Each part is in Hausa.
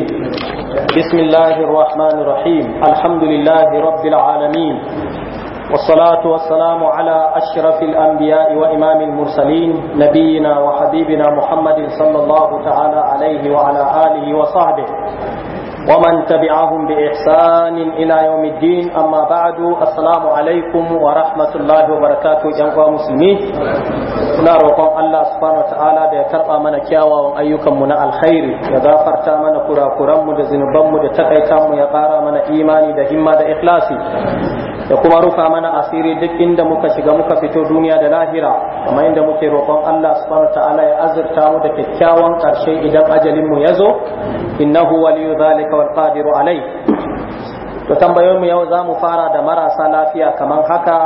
الرجيم بسم الله الرحمن الرحيم الحمد لله رب العالمين والصلاة والسلام على أشرف الأنبياء وإمام المرسلين نبينا وحبيبنا محمد صلى الله تعالى عليه وعلى آله وصحبه ومن تبعهم بإحسان إلى يوم الدين أما بعد السلام عليكم ورحمة الله وبركاته جمع مسلمين نروقم الله سبحانه وتعالى بيكرأ من كياوا وأيكم من الخير يغافر تامن كرا كرم دزنبم دتقيتم يقار من إيمان دهما دإخلاصي da kuma rufa mana asiri duk inda muka shiga muka fito duniya da lahira kamar inda muke roƙon Allah subhanahu ta'ala ya azurta mu da kyakkyawan ƙarshe idan ajalin mu ya zo innahu waliyu zalika ka wal qadiru alai to tambayoyin mu yau zamu fara da marasa lafiya kaman haka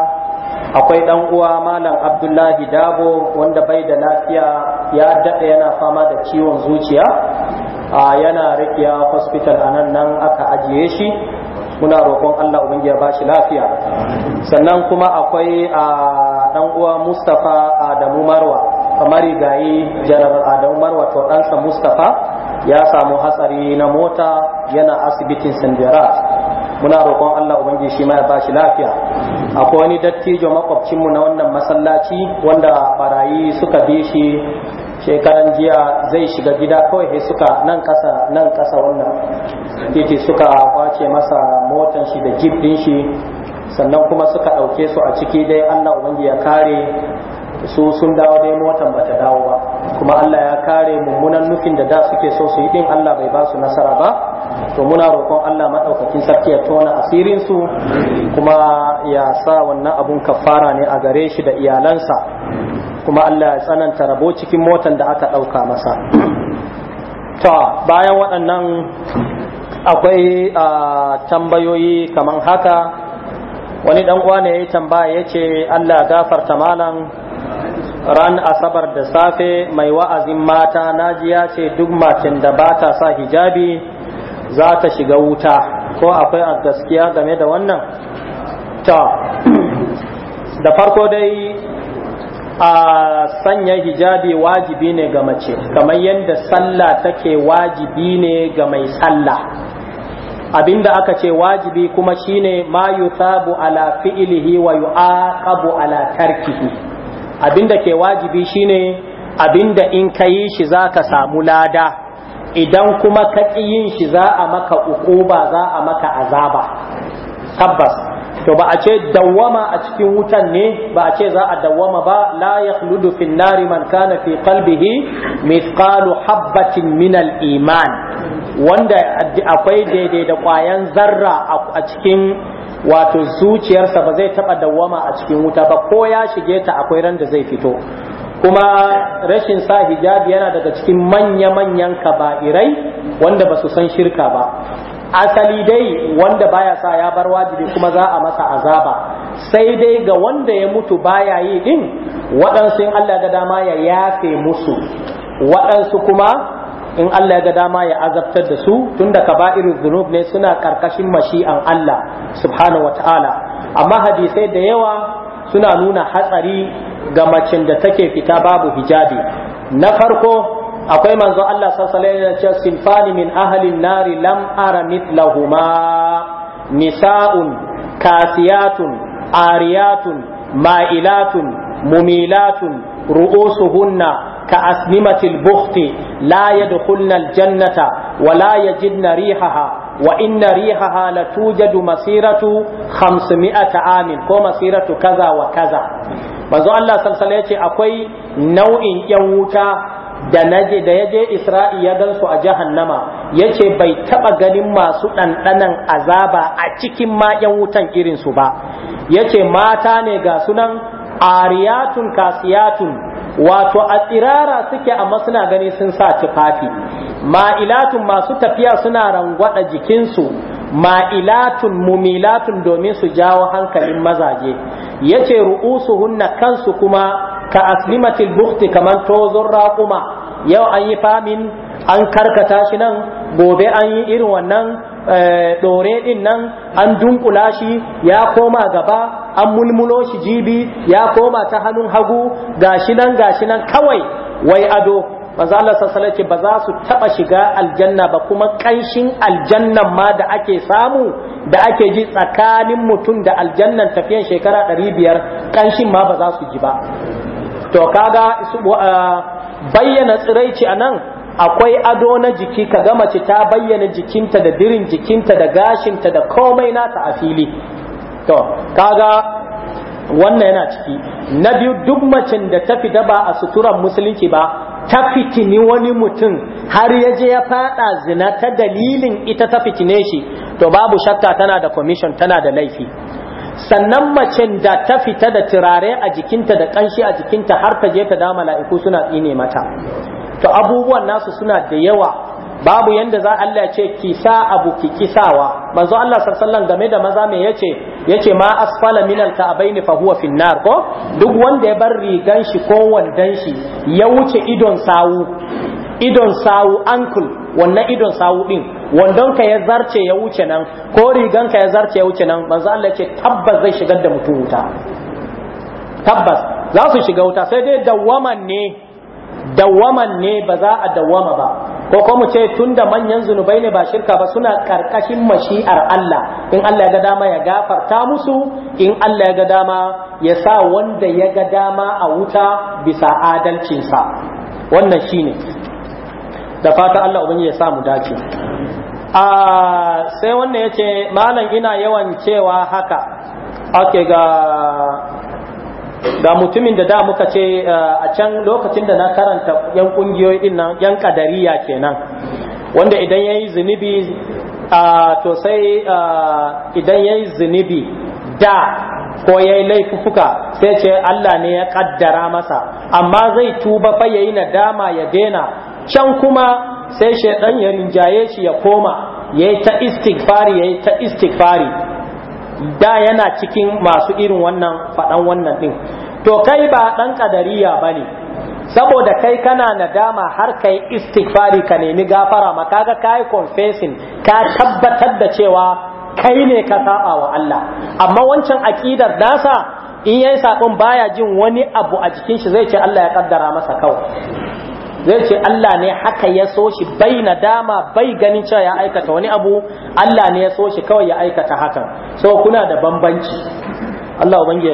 akwai dan uwa malam Abdullahi Dabo wanda bai da lafiya ya dade yana fama da ciwon zuciya a yana rikiya hospital anan nan aka ajiye shi muna roƙon Allah ubangiya ya bashi lafiya sannan kuma akwai a dan uwa Mustafa Adamu Marwa kamar gayi jarabar Adamu Marwa to ɗansa Mustafa ya samu hatsari na mota yana asibitin sandirat muna roƙon Allah ubangiji shi ma ya ba shi lafiya akwai wani dattijo makwabcinmu na wannan masallaci wanda barayi suka bi shi shekaran jiya zai shiga gida kawai sai suka nan kasa nan kasa wannan titi suka kwace masa motan shi da jeep din shi sannan kuma suka ɗauke su a ciki dai Allah ubangiji ya kare su sun dawo dai motan bata dawo ba kuma Allah ya kare mummunan nufin da da suke so su yi din Allah bai ba su nasara ba to muna roƙon Allah madaukakin sarki ya tona asirin su kuma ya sa wannan abun kafara ne a gare shi da iyalansa kuma Allah ya tsananta rabo cikin motan da aka ɗauka masa ta bayan waɗannan akwai tambayoyi kamar haka wani ɗan uwa ne ya yi tambaya ya ce Allah gafarta malam ran asabar da safe mai wa'azin mata najiya ce duk macin da ba ta sa hijabi za ta shiga wuta ko akwai a gaskiya game da wannan ta da farko dai a sanya hijabi wajibi ne ga mace kamar yadda sallah take wajibi ne ga mai sallah abinda aka ce wajibi kuma shine ma yuthabu ala fi'lihi wa yu'aqabu ala tarkihi abinda ke wajibi shine abinda in ka shi za ka samu lada idan kuma ka ƙi yin shi za a maka ukuba za a maka azaba tabbas to ba a ce dawwama a cikin wutan ne ba a ce za a dawwama ba la yakhludu fin nari man kana fi qalbihi mithqalu habatin min al iman wanda akwai daidai da kwayan zarra a cikin wato zuciyarsa ba zai taɓa dawwama a cikin wuta ba ko ya shige ta akwai ran da zai fito kuma rashin sa hijabi yana daga cikin manya-manyan kaba'irai wanda ba su san shirka ba asali dai wanda baya sa ya bar wajibi kuma za a masa azaba sai dai ga wanda ya mutu baya yi din waɗansu in Allah da dama ya yafe musu waɗansu kuma in Allah ya ga dama ya azabtar da su tunda kaba'irul dhunub ne suna karkashin mashi'an Allah subhanahu wataala amma hadisai da yawa suna nuna hatsari ga macen da take fita babu hijabi na farko akwai manzo Allah sallallahu alaihi wasallam sinfani min ahli nari lam ara mithlahuma nisa'un kasiyatun ariyatun ma'ilatun mumilatun ru'usuhunna ka asnimatil bukhti la yadkhulna jannata wa la yajidna rihaha wa inna rihaha la tujadu masiratu 500 amin ko masiratu kaza wa kaza manzo Allah sallallahu yace akwai nau'in yan wuta da naje da yaje Isra'i ya gansu a jahannama yace bai taba ganin masu ɗanɗanan azaba a cikin ma yan wutan irin su ba yace mata ne ga sunan ariyatun kasiyatun wato a tsirara suke amma suna gani sun sa tufafi ma'ilatun masu tafiya suna rangwada jikinsu ma'ilatun mumilatun domin su jawo hankalin mazaje ya ce hunna kansu kuma ka aslimatil bukti kamar tozon raƙuma yau an yi famin an karkata shi nan gobe an yi irin wannan Eh, ɗore ɗin nan an dunkula shi ya koma gaba an mulmulo shi jibi ya koma ta hannun hagu gashi nan gashi nan kawai wai ado maza Allah sassala ce ba za su taɓa shiga aljanna ba kuma ƙanshin aljannan ma da ake samu da ake ji tsakanin mutum da aljannan tafiyan shekara ɗari biyar ƙanshin ma ba za su ji ba to kaga bayyana tsiraici a nan akwai ado na jiki ka ga mace ta bayyana jikinta da dirin jikinta da gashinta da komai nata a fili to kaga wannan yana ciki na biyu duk macen da ta fita ba a suturan musulunci ba ta fitini wani mutum har ya je ya fada zina ta dalilin ita ta fitine shi to babu shakka tana da commission tana da laifi sannan macen da ta fita da turare a jikinta da kanshi a jikinta har ta je ta da mala'iku suna tsine mata to abubuwan nasu suna da yawa babu yanda za Allah ce kisa abu ki kisawa manzo Allah sallallahu game da maza me yace yace ma asfala min al-ka'bayn fa huwa fi nar ko duk wanda ya bar rigan shi ko wandan shi ya wuce idon sawu idon sawu ankle wannan idon sawu din wandon ka ya zarce ya wuce nan ko rigan ka ya zarce ya wuce nan manzo Allah yace tabbas zai shigar da mutum wuta tabbas za su shiga wuta sai dai dawwaman ne dawaman ne ba za a dawama ba ko kuma ce tunda manyan zunubai ne ba shirka ba suna karkashin mashi'ar Allah in Allah ya ga dama ya gafarta musu in Allah ya ga dama ya sa wanda ya ga dama a wuta bisa adalcinsa wannan shine da fata Allah ubangi ya sa mu dace a sai wannan yace malam ina yawan cewa haka ake ga Da mutumin da da muka ce eh, a can lokacin da na karanta yan kungiyoyi din nan yan kadariya kenan wanda idan yayi zunubi to sai idan yayi zunubi da ko yayi laifuka sai ce Allah ne ya kaddara masa amma zai tuba fa yayi nadama ya dena can kuma sai shedan ya rinjaye shi ya koma yayi ta istighfari yayi ta istighfari da yana cikin masu irin wannan faɗan wannan ɗin to kai ba ɗan ƙadariya ba ne saboda kai kana nadama har ka yi istighfari ka nemi gafara ma kaga ka confessing ka tabbatar da cewa kai ne ka saba wa Allah amma wancan aƙidar nasa in yayi sakon baya jin wani abu a jikin shi zai ce Allah ya kaddara masa kawai zai ce Allah ne haka ya so shi bai nadama bai ganin cewa ya aikata wani abu Allah ne ya so shi kawai ya aikata hakan so kuna da bambanci Allah ubangi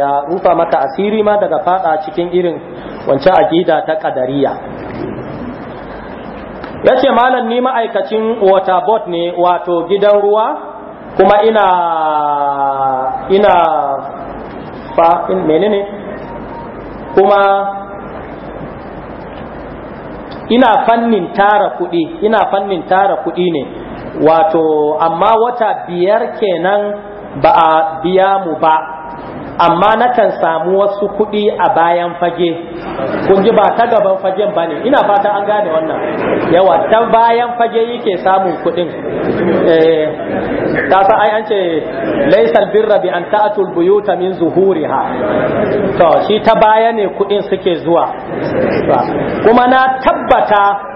ya rufa maka asiri ma daga fada cikin irin wancan aqida ta qadariya yace malam ni ma'aikacin water board ne wato gidan ruwa kuma ina ina fa menene kuma ina fannin tara kuɗi ina fannin tara kuɗi ne wato amma wata biyar kenan ba a biya mu ba amma nakan samu wasu kuɗi a bayan fage kun ji ba ta gaban fagen ba ne ina fata an gane wannan yawa ta bayan fage yake samun kuɗin eh, ta sa ai an ce laisal birra bi an ta'atul buyuta min zuhuriha to shi ta baya ne kuɗin suke zuwa kuma na tabbata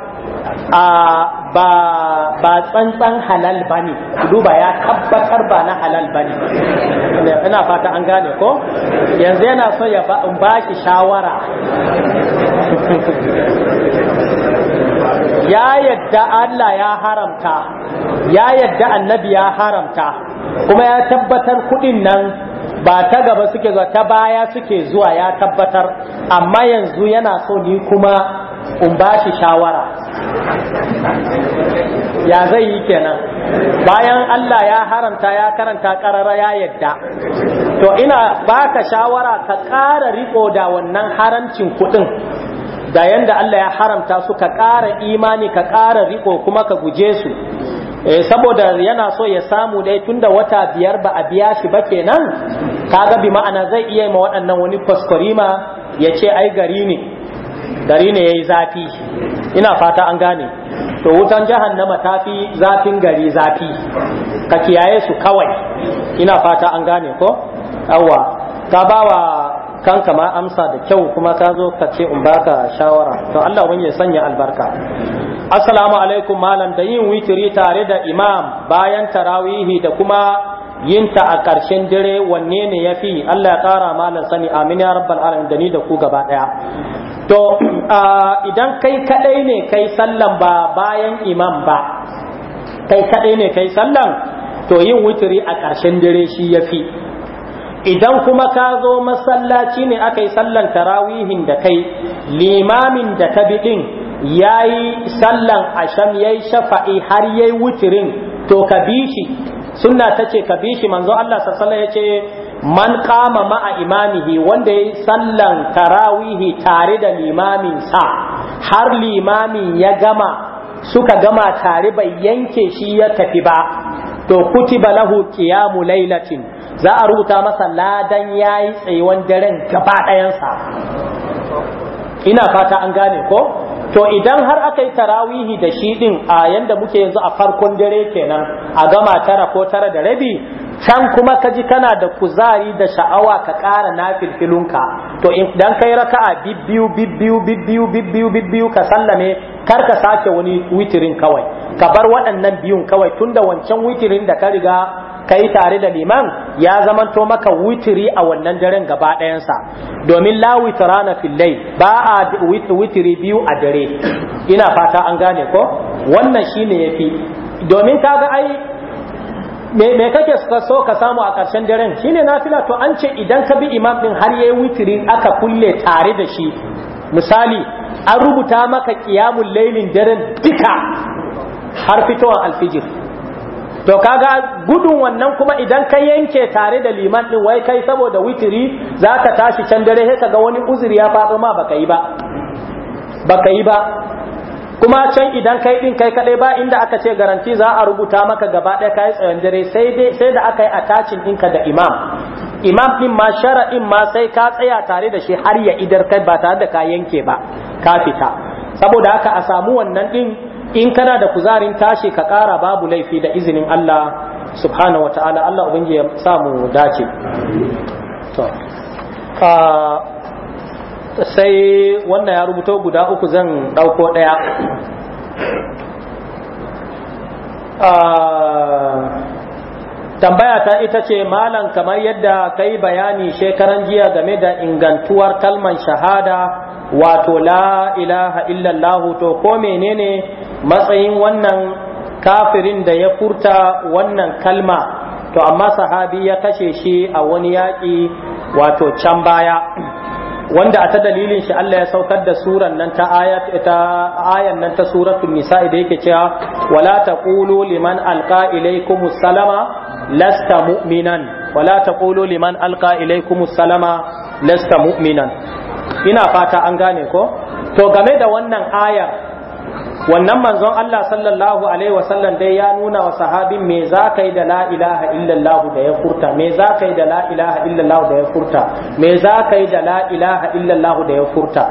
ba tsantsan halal ba ne duba ya tabbatar ba na halal ba ne ina fata an gane ko yanzu yana so ya ba shi shawara ya yadda Allah ya haramta ya yadda annabi ya haramta kuma ya tabbatar kudin nan ba ta gaba suke zuwa ta baya suke zuwa ya tabbatar amma yanzu yana so ni kuma in ba shi shawara ya zai yi kenan bayan Allah ya haramta ya karanta karara ya yadda to ina baka shawara ka ƙara riko da wannan haramcin kuɗin da yadda Allah ya haramta su ka ƙara imani ka ƙara riko kuma ka guje su e saboda yana so ya samu dai tunda wata biyar ba a biya shi ba kenan kaga bi ma'ana zai iya ma waɗannan wani kwaskwarima ya ce ai gari ne gari ne yayi zafi ina fata an gane to wutan jahannama ta fi zafin gari zafi ka kiyaye su kawai ina fata an gane ko awwa ka bawa kanka ma amsa da kyau kuma ka zo ka ce in baka shawara to Allah wani ya sanya albarka assalamu alaikum malam da yin witiri tare da imam bayan tarawihi da kuma yinta a ƙarshen dire wanne ne ya fi Allah ya ƙara malam sani amin ya rabbal alamin da ni da ku gaba ɗaya to idan kai kaɗai ne kai sallan ba bayan imam ba kai kaɗai ne kai sallan to yin wuturi a ƙarshen dire shi ya fi idan kuma ka zo masallaci ne aka yi sallan tarawihin da kai limamin da ka biɗin ya yi sallan asham ya shafa'i har ya yi to ka bi shi sunna ta ce ka bi shi manzo Allah sassala ya ce man kama ma'a imamihi wanda ya yi sallan tarawihi tare da limamin sa har limamin ya gama suka gama tare bai yanke shi ya tafi ba to kutiba lahu qiyamu lailatin za a rubuta masa ladan yayi tsayuwan daren gaba ɗayansa ina fata an gane ko to idan har aka yi tarawihi da shi din a yanda muke yanzu a farkon dare kenan a gama tara ko tara da rabi can kuma ka ji kana da kuzari da sha'awa ka ƙara nafilfilunka to idan raka a bibbiyu bibbiyu bibbiyu bibbiyu bibbiyu ka sallame kar ka sake wani witirin kawai ka bar waɗannan biyun kawai tunda wancan witirin da ka riga kai tare da liman ya zamanto maka witiri a wannan daren gaba ɗayansa domin la witrana fil layl ba a witiri biyu a dare ina fata an gane ko wannan shine yafi domin kaga ai me kake so ka samu a ƙarshen daren shine nafila to an ce idan ka bi imam din har yayi witiri aka kulle tare da shi misali an rubuta maka qiyamul lailin daren dika har fitowar alfijir to kaga gudun wannan kuma idan ka yanke tare da liman din wai kai saboda witiri zaka tashi can dare sai kaga wani uzuri ya faɗo ma baka yi ba baka yi ba kuma can idan kai din kai kadai ba inda aka ce garanti za a rubuta maka gaba ɗaya kai tsayan dare sai dai sai da aka yi attaching ɗinka da imam imam din ma shara'in ma sai ka tsaya tare da shi har ya idar kai ba tare da ka yanke ba ka fita saboda haka a samu wannan din in kana da kuzarin tashi ka ƙara babu laifi da izinin Allah subhanahu wata'ala Allah ubangi ya samu dace sai wannan ya rubuto guda uku zan ɗauko ɗaya tambaya ta ita ce malam kamar yadda ka yi bayani shekaran jiya game da ingantuwar kalman shahada wato la ilaha illallah to ko menene matsayin wannan kafirin da ya furta wannan kalma to amma sahabi ya kashe shi a wani yaƙi wato can baya wanda a ta dalilin shi Allah ya saukar da suran nan ta ayan nan ta suratul nisa'i da yake cewa wala taqulu liman alqa salama lasta mu'minan wala taqulu liman alqa ilaykumus salama lasta mu'minan ina fata an gane ko to game da wannan ayar wannan manzon Allah sallallahu alaihi wasallam dai ya nuna wa sahabin me za ka yi da la ilaha illallah da ya furta me za ka yi da la ilaha illallah da ya furta me za ka yi da la ilaha illallah da ya furta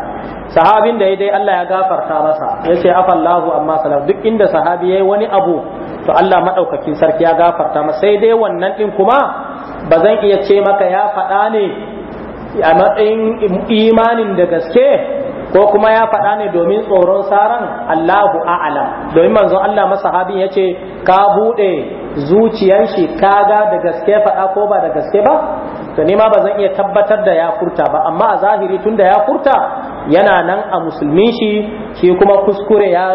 sahabin da dai Allah ya gafarta masa ya ce afallahu amma salam duk inda sahabi yayi wani abu to Allah madaukakin sarki ya gafarta masa sai dai wannan din kuma bazan iya ce maka ya faɗa ne a matsayin imanin da gaske ko kuma ya faɗa ne domin tsoron saran Allahu a'lam domin manzo Allah masahabin ce ka bude zuciyar shi kaga da gaske faɗa ko ba da gaske ba to nima ba zan iya tabbatar da ya furta ba amma a zahiri tunda ya furta yana nan a musulmi shi shi kuma kuskure ya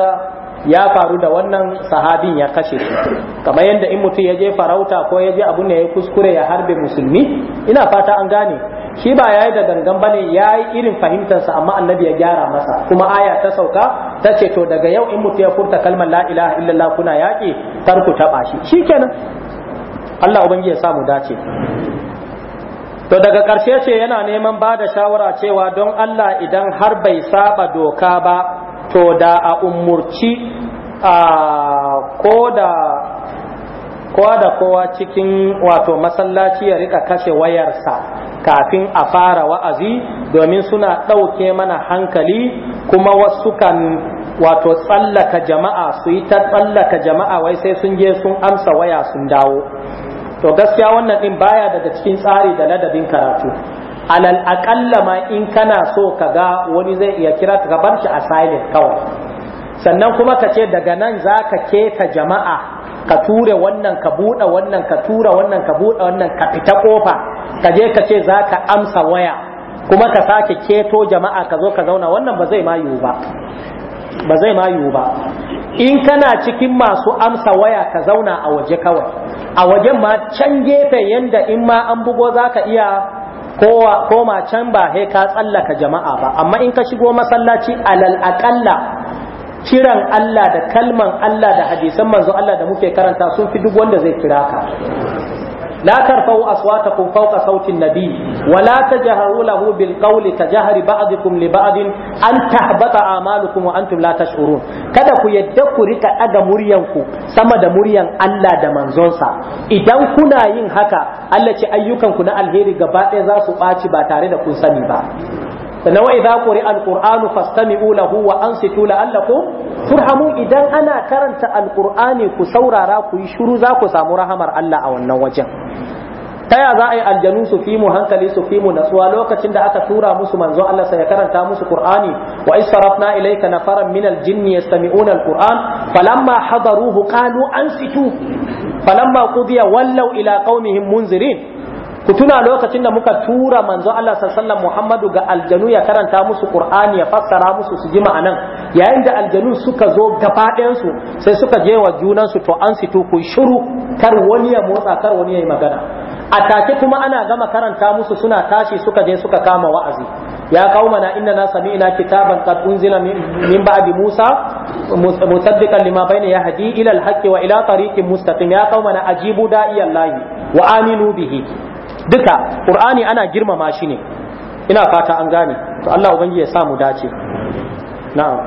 ya faru da wannan sahabin ya kashe shi kamar yadda in mutum ya je farauta ko ya je abun ne ya kuskure ya harbe musulmi ina fata an gane shi ba yayi da gangan ya yi irin fahimtarsa amma annabi ya gyara masa kuma aya ta sauka ta ce to daga yau in mutu ya furta kalmar la ilaha illallah kuna yaki tarku ta bashi shikenan Allah ubangi ya samu dace to daga ƙarshe ce yana neman ba da shawara cewa don Allah idan har bai saba doka ba to da a umurci a ko da kowa da kowa cikin wato masallaci ya rika kashe wayarsa kafin a fara wa'azi domin suna ɗauke mana hankali kuma wasu kan wato tsallaka jama'a su yi ta tsallaka jama'a wai sai sun je sun amsa waya sun dawo to gaskiya wannan ɗin baya daga cikin tsari da ladabin karatu alal aƙalla ma in kana so ka ga wani zai iya kira ka bar shi a silent kawai sannan kuma ka ce daga nan za ka keta jama'a ka ture wannan ka buɗe wannan ka tura wannan ka buɗe wannan ka fita kofa ka je ka ce za ka amsa waya kuma ka sake keto jama'a ka zo ka zauna wannan ba zai ma yiwu ba ba zai ma yiwu ba in kana cikin masu amsa waya ka zauna a waje kawai a wajen ma can gefe yanda in ma an bugo za ka iya koma can ba he ka tsallaka jama'a ba amma in ka shigo masallaci alal aƙalla kiran Allah da kalman Allah da hadisan manzo Allah da muke karanta sun fi duk wanda zai kira ka la tarfa'u aswatakum fawqa sautin nabi wa la tajharu lahu bil qawli tajhari ba'dukum li ba'din an tahbata a'malukum wa antum la tash'urun kada ku yadda ku rika daga muryanku sama da muryan Allah da manzonsa idan kuna yin haka Allah ce ayyukanku na alheri gaba ɗaya za su ɓaci ba tare da kun sani ba sannan wa idza quri'a alqur'anu fastami'u lahu wa ansitu la'allakum turhamun idan ana karanta alqur'ani ku saurara ku yi shiru za ku samu rahamar Allah a wannan wajen ta ya za a yi aljanu su fi mu hankali su fi mu natsuwa lokacin da aka tura musu manzo Allah sai ya karanta musu Qur'ani wa israfna ilayka nafaran min aljinni yastami'una alquran falamma hadaruhu qalu ansitu falamma qudiya wallaw ila qaumihim munzirin ku tuna lokacin da muka tura manzo Allah sallallahu Muhammadu ga aljanu ya karanta musu Qur'ani ya fassara musu su ji ma'anan yayin da aljanu suka zo gaba su sai suka je wa junan su to an situ ku shiru kar wani ya motsa kar wani ya yi magana a take kuma ana gama karanta musu suna tashi suka je suka kama wa'azi ya qaumana inna sami'na kitaban qad unzila min ba'di Musa musaddiqan lima bayna yahdi ila al-haqqi wa ila tariqin mustaqim ya qaumana ajibu da'iyallahi wa aminu bihi duka qur'ani ana girmama shi ne ina fata an gane to Allah ubangi ya sa mu dace na'am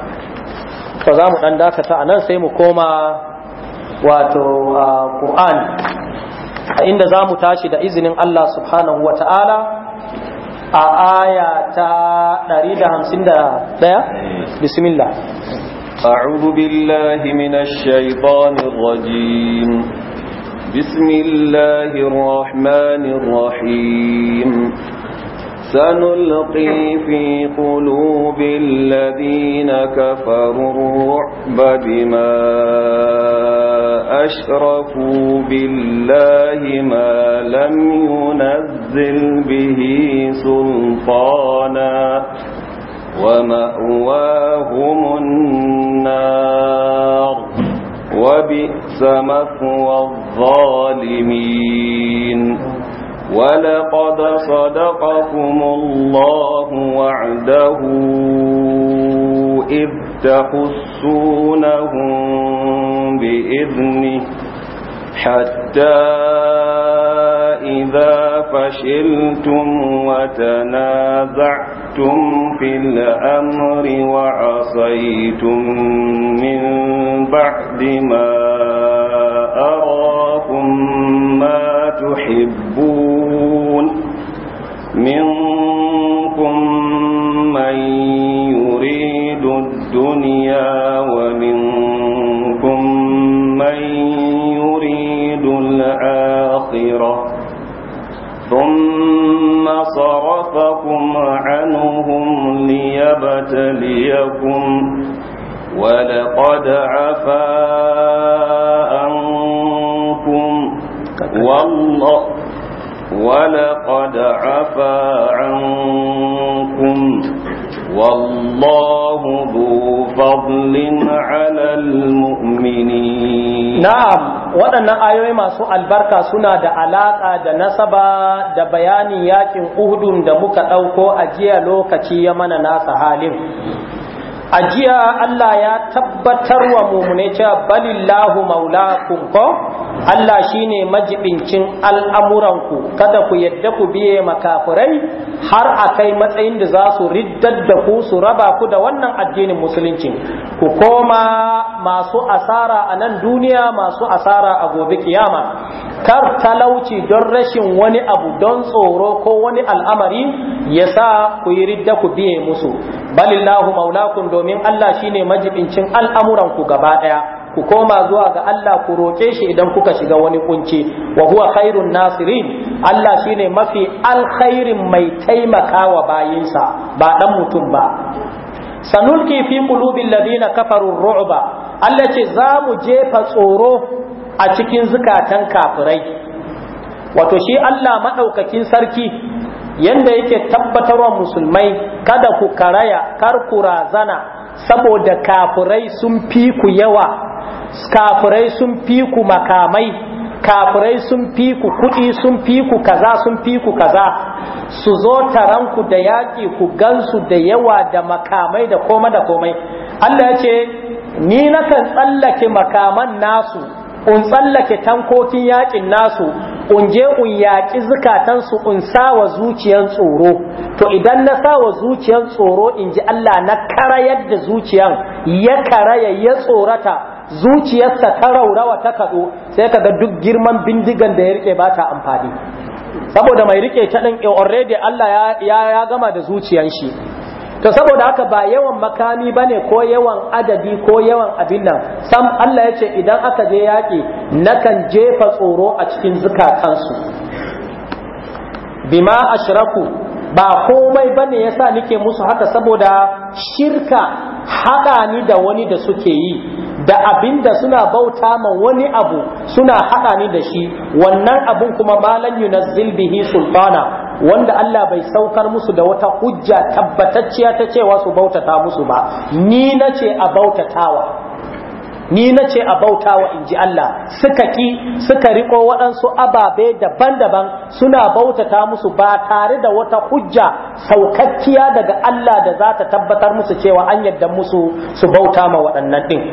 to za mu dan dakata anan sai mu koma wato qur'ani a inda za mu tashi da izinin Allah subhanahu wa ta'ala a aya ta 151 bismillah أعوذ بالله من الشيطان الرجيم بسم الله الرحمن الرحيم سنلقي في قلوب الذين كفروا الرعب بما أشرفوا بالله ما لم ينزل به سلطانا ومأواهم النار وبئس مثوى الظالمين ولقد صدقكم الله وعده إذ تحسونهم بإذنه حتى إذا فشلتم وتنازعتم شاركتم في الأمر وعصيتم من بعد ما أراكم ما تحبون منكم من يريد الدنيا ومنكم من يريد الآخرة ثم صرفكم عنهم ليبتليكم ولقد عفا عنكم والله ولقد عفا عنكم والله ذو فضل على المؤمنين na'am waɗannan ayoyi masu albarka suna da alaƙa da nasaba da bayanin yakin uhudun da muka ɗauko a jiya lokaci ya mana nasa halin a jiya Allah ya tabbatar wa mummune cewa balillahu maula ko Allah shi ne majibincin al'amuranku kada ku yadda ku biye makafirai har a kai matsayin da za su riddar da ku su raba ku da wannan addinin musulunci ku koma masu asara a nan duniya masu asara a gobe kiyama kar talauci don rashin wani abu don tsoro ko wani al'amari ya sa ku yi ridda ku biye musu balillahu maulakun domin Allah shi ne majibincin al'amuranku gaba ɗaya ku koma zuwa ga Allah ku roƙe shi idan kuka shiga wani kunci wa huwa khairun nasirin Allah shine mafi alkhairin mai taimaka wa bayinsa ba dan mutum ba sanulki fi qulubil ladina kafaru ru'ba Allah ce za mu jefa tsoro a cikin zukatan kafirai wato shi Allah maɗaukakin sarki yanda yake tabbatarwa musulmai kada ku karaya kar ku razana saboda kafurai sun fi ku yawa kafurai sun fi ku makamai kafurai sun fi ku kudi sun fi ku kaza sun fi ku kaza su zo taranku da yaƙi ku gansu da yawa da makamai da koma da komai Allah ya ce ni nakan tsallake makaman nasu un tsallake tankokin yakin nasu un je un yaƙi zukatansu un sawa zuciyan tsoro to idan na sawa zuciyan tsoro in ji Allah na karayar da zuciyan ya karaya ya tsorata zuciyarsa ta raurawa ta kaɗo sai ka ga duk girman bindigan da ya rike ba ta amfani saboda mai rike ta ɗin already Allah ya gama da zuciyan shi to saboda haka ba yawan makami bane ko yawan adadi ko yawan abin nan sam Allah ya ce idan aka je yaƙi nakan jefa tsoro a cikin zukatansu bima ashraku ba komai bane yasa nike musu haka saboda shirka haɗa ni da wani da suke yi da abinda suna bauta ma wani abu suna haɗa ni da shi wannan abun kuma malan yunazzil bihi sultana wanda Allah bai saukar musu da wata hujja tabbatacciya ta cewa su bautata musu ba ni nace a bautatawa ni nace a bautawa inji Allah suka ki suka riko waɗansu ababe daban-daban suna bautata musu ba tare da wata hujja saukakkiya daga Allah da za ta tabbatar musu cewa an yadda musu su bauta ma waɗannan ɗin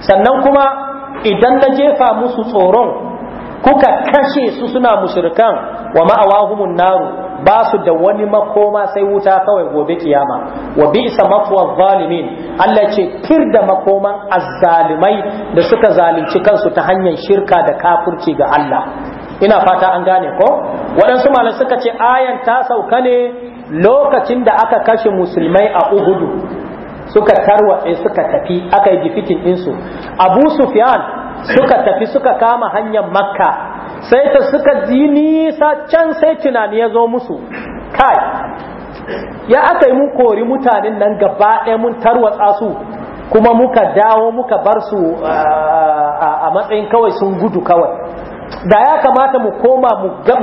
sannan kuma idan na jefa musu tsoron kuka kashe su suna mushrikan wa ma'awahumun naru ba su da wani makoma sai wuta kawai gobe kiyama wa bi isa mafuwa zalimin Allah ce fir da makoman azzalimai da suka zalunci kansu ta hanyar shirka da kafurci ga Allah ina fata an gane ko waɗansu malam suka ce ayan ta sauka ne lokacin da aka kashe musulmai a Uhudu suka tarwatse suka tafi aka yi gifitin ɗinsu Abu Sufyan suka tafi suka kama hanyar makka sai ta suka ji nisa can sai tunani ya zo musu kai ya aka yi mun kori mutanen nan gaba ɗaya mun tarwatsa su kuma muka dawo muka bar su a matsayin kawai sun gudu kawai da ya kamata mu koma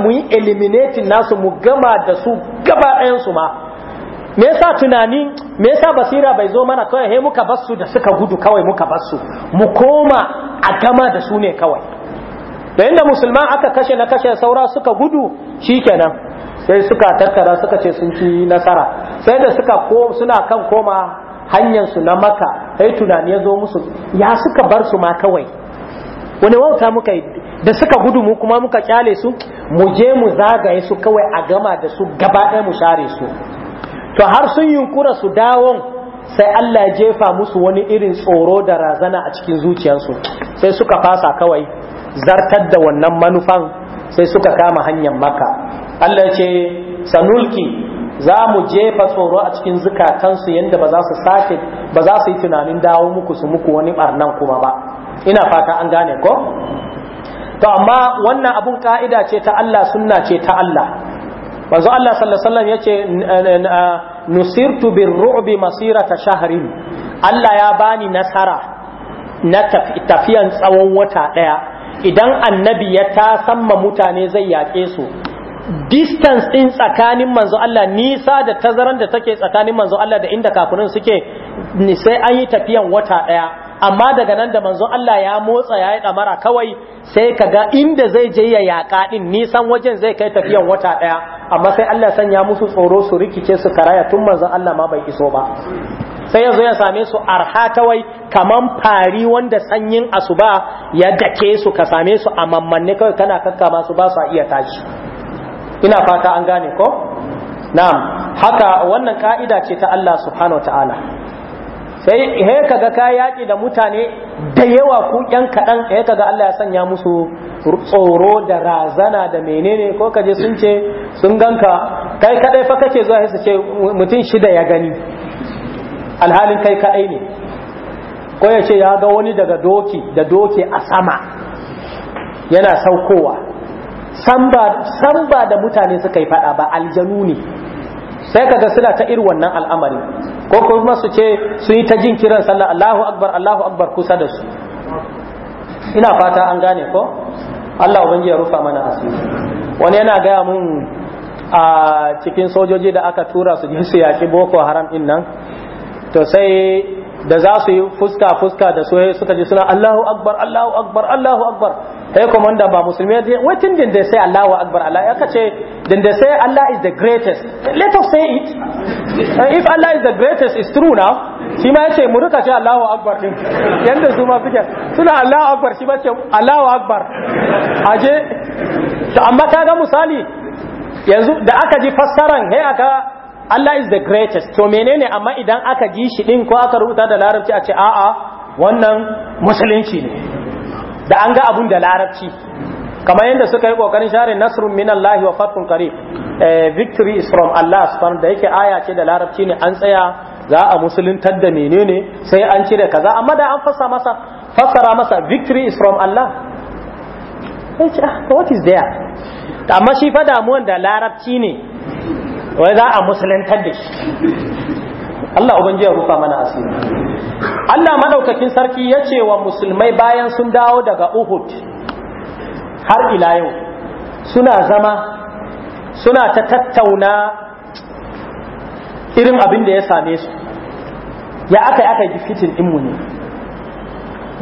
mu yi eliminating nasu mu gama da su gaba ɗayansu ma me yasa tunani me yasa basira bai zo mana kawai he muka bar su da suka gudu kawai muka bar su mu koma a gama da su ne kawai da inda musulman aka kashe na kashe saura suka gudu shi kenan, sai suka tattara suka ce sun ci nasara sai da suka suna kan koma hanyar su na maka sai tunani ya zo musu ya suka bar su ma kawai wani wauta muka yi da suka gudu mu kuma muka kyale su mu je mu zagaye su kawai a gama da su gaba ɗaya mu share su to har sun yunkura su dawon sai Allah ya jefa musu wani irin tsoro da razana a cikin zuciyarsu sai suka fasa kawai zartar da wannan manufan sai suka kama hanyar maka Allah ce sanulki za mu jefa tsoro a cikin zukatansu yadda ba za su sake ba za su yi tunanin dawo muku su muku wani barnan kuma ba ina fata an gane ko to amma wannan abun ka'ida ce ta Allah sunna ce ta Allah manzo Allah sallallahu alaihi wasallam yace nusirtu birru'bi masirata shahrin Allah ya bani nasara na tafiyan tsawon wata daya idan annabi ya tasamma mutane zai yaƙe su distance din tsakanin manzo Allah nisa da tazaran da take tsakanin manzo Allah da inda kafirun suke sai an yi tafiyan wata daya amma daga nan da manzo Allah ya motsa yayi damara kawai sai kaga inda zai je ya yaƙa din nisan wajen zai kai tafiyan wata daya amma sai Allah sanya musu tsoro su rikice su karaya tun manzon Allah ma bai iso ba sai yazo ya same su arha wai kaman fari wanda sanyin asuba ya dake su ka same su a mammanne kawai kana kakkama su ba su iya tashi ina fata an gane ko na'am haka wannan ka'ida ce ta Allah subhanahu wa ta'ala sai he kaga ka yaki da mutane da yawa ku kaɗan he kaga Allah ya sanya musu tsoro da razana da menene ko kaje sun ce sun ganka kai kaɗai fa kake zuwa su ce mutum shida ya gani alhalin kai kaɗai ne ko ya ce ya ga wani daga doki da doki a sama yana saukowa samba da mutane suka yi faɗa ba aljanu ne sai kaga suna ta irin wannan al'amari ko kuma su ce su yi ta jin kiran sallah Allahu akbar Allahu akbar kusa da su ina fata an gane ko Allah ubangi ya rufa mana asiri wani yana gaya mun a cikin sojoji da aka tura su su yaki boko haram din nan to sai da za su yi fuska fuska da su suka ji suna Allahu akbar Allahu akbar Allahu akbar hey komanda ba musulmi wai waiting din they say Allahu akbar Allah ya kace din they say Allah is the greatest let us say it eh, if Allah is the greatest is true now shi ma yace mu rika ce Allahu akbar din yanda su ma fike suna Allahu akbar shi ma ce Allahu akbar aje to amma kaga misali yanzu da aka ji fassaran hey aka Allah is the greatest to menene amma idan aka ji shi din ko aka rubuta da larabci a ce a'a wannan musulunci ne da an ga abun da larabci kamar yadda suka yi kokarin share nasrun min Allah wa fathun qarib eh, victory is from Allah subhanahu da yake aya ce da larabci ne an tsaya za a musuluntar da menene sai an cire kaza amma da an fassara masa fassara masa victory is from Allah ah, what is there amma shi fa mu wanda larabci ne wai za a musuluntar da shi Allah ubangiji ya rufa mana asiri Allah maɗaukakin sarki ya ce wa musulmai bayan sun dawo daga Uhud har ila yau suna zama suna ta tattauna irin abin da ya same su ya aka aka yi fitin ɗinmu ne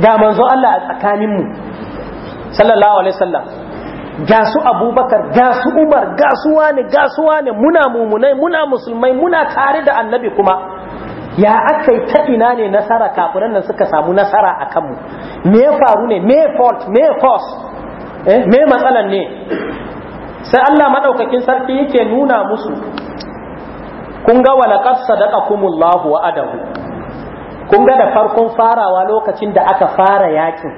ga manzo Allah a tsakaninmu sallallahu alaihi wasallam ga su abubakar ga su umar ga su wane ga su wane muna mumunai muna musulmai muna tare da annabi kuma ya aka yi ta ina ne nasara kafiran nan suka samu nasara a kanmu me faru ne me fault me cause eh me matsalan ne sai Allah madaukakin sarki yake nuna musu kun ga walaqad sadaqakumullahu wa adahu kun ga da farkon farawa lokacin da aka fara yakin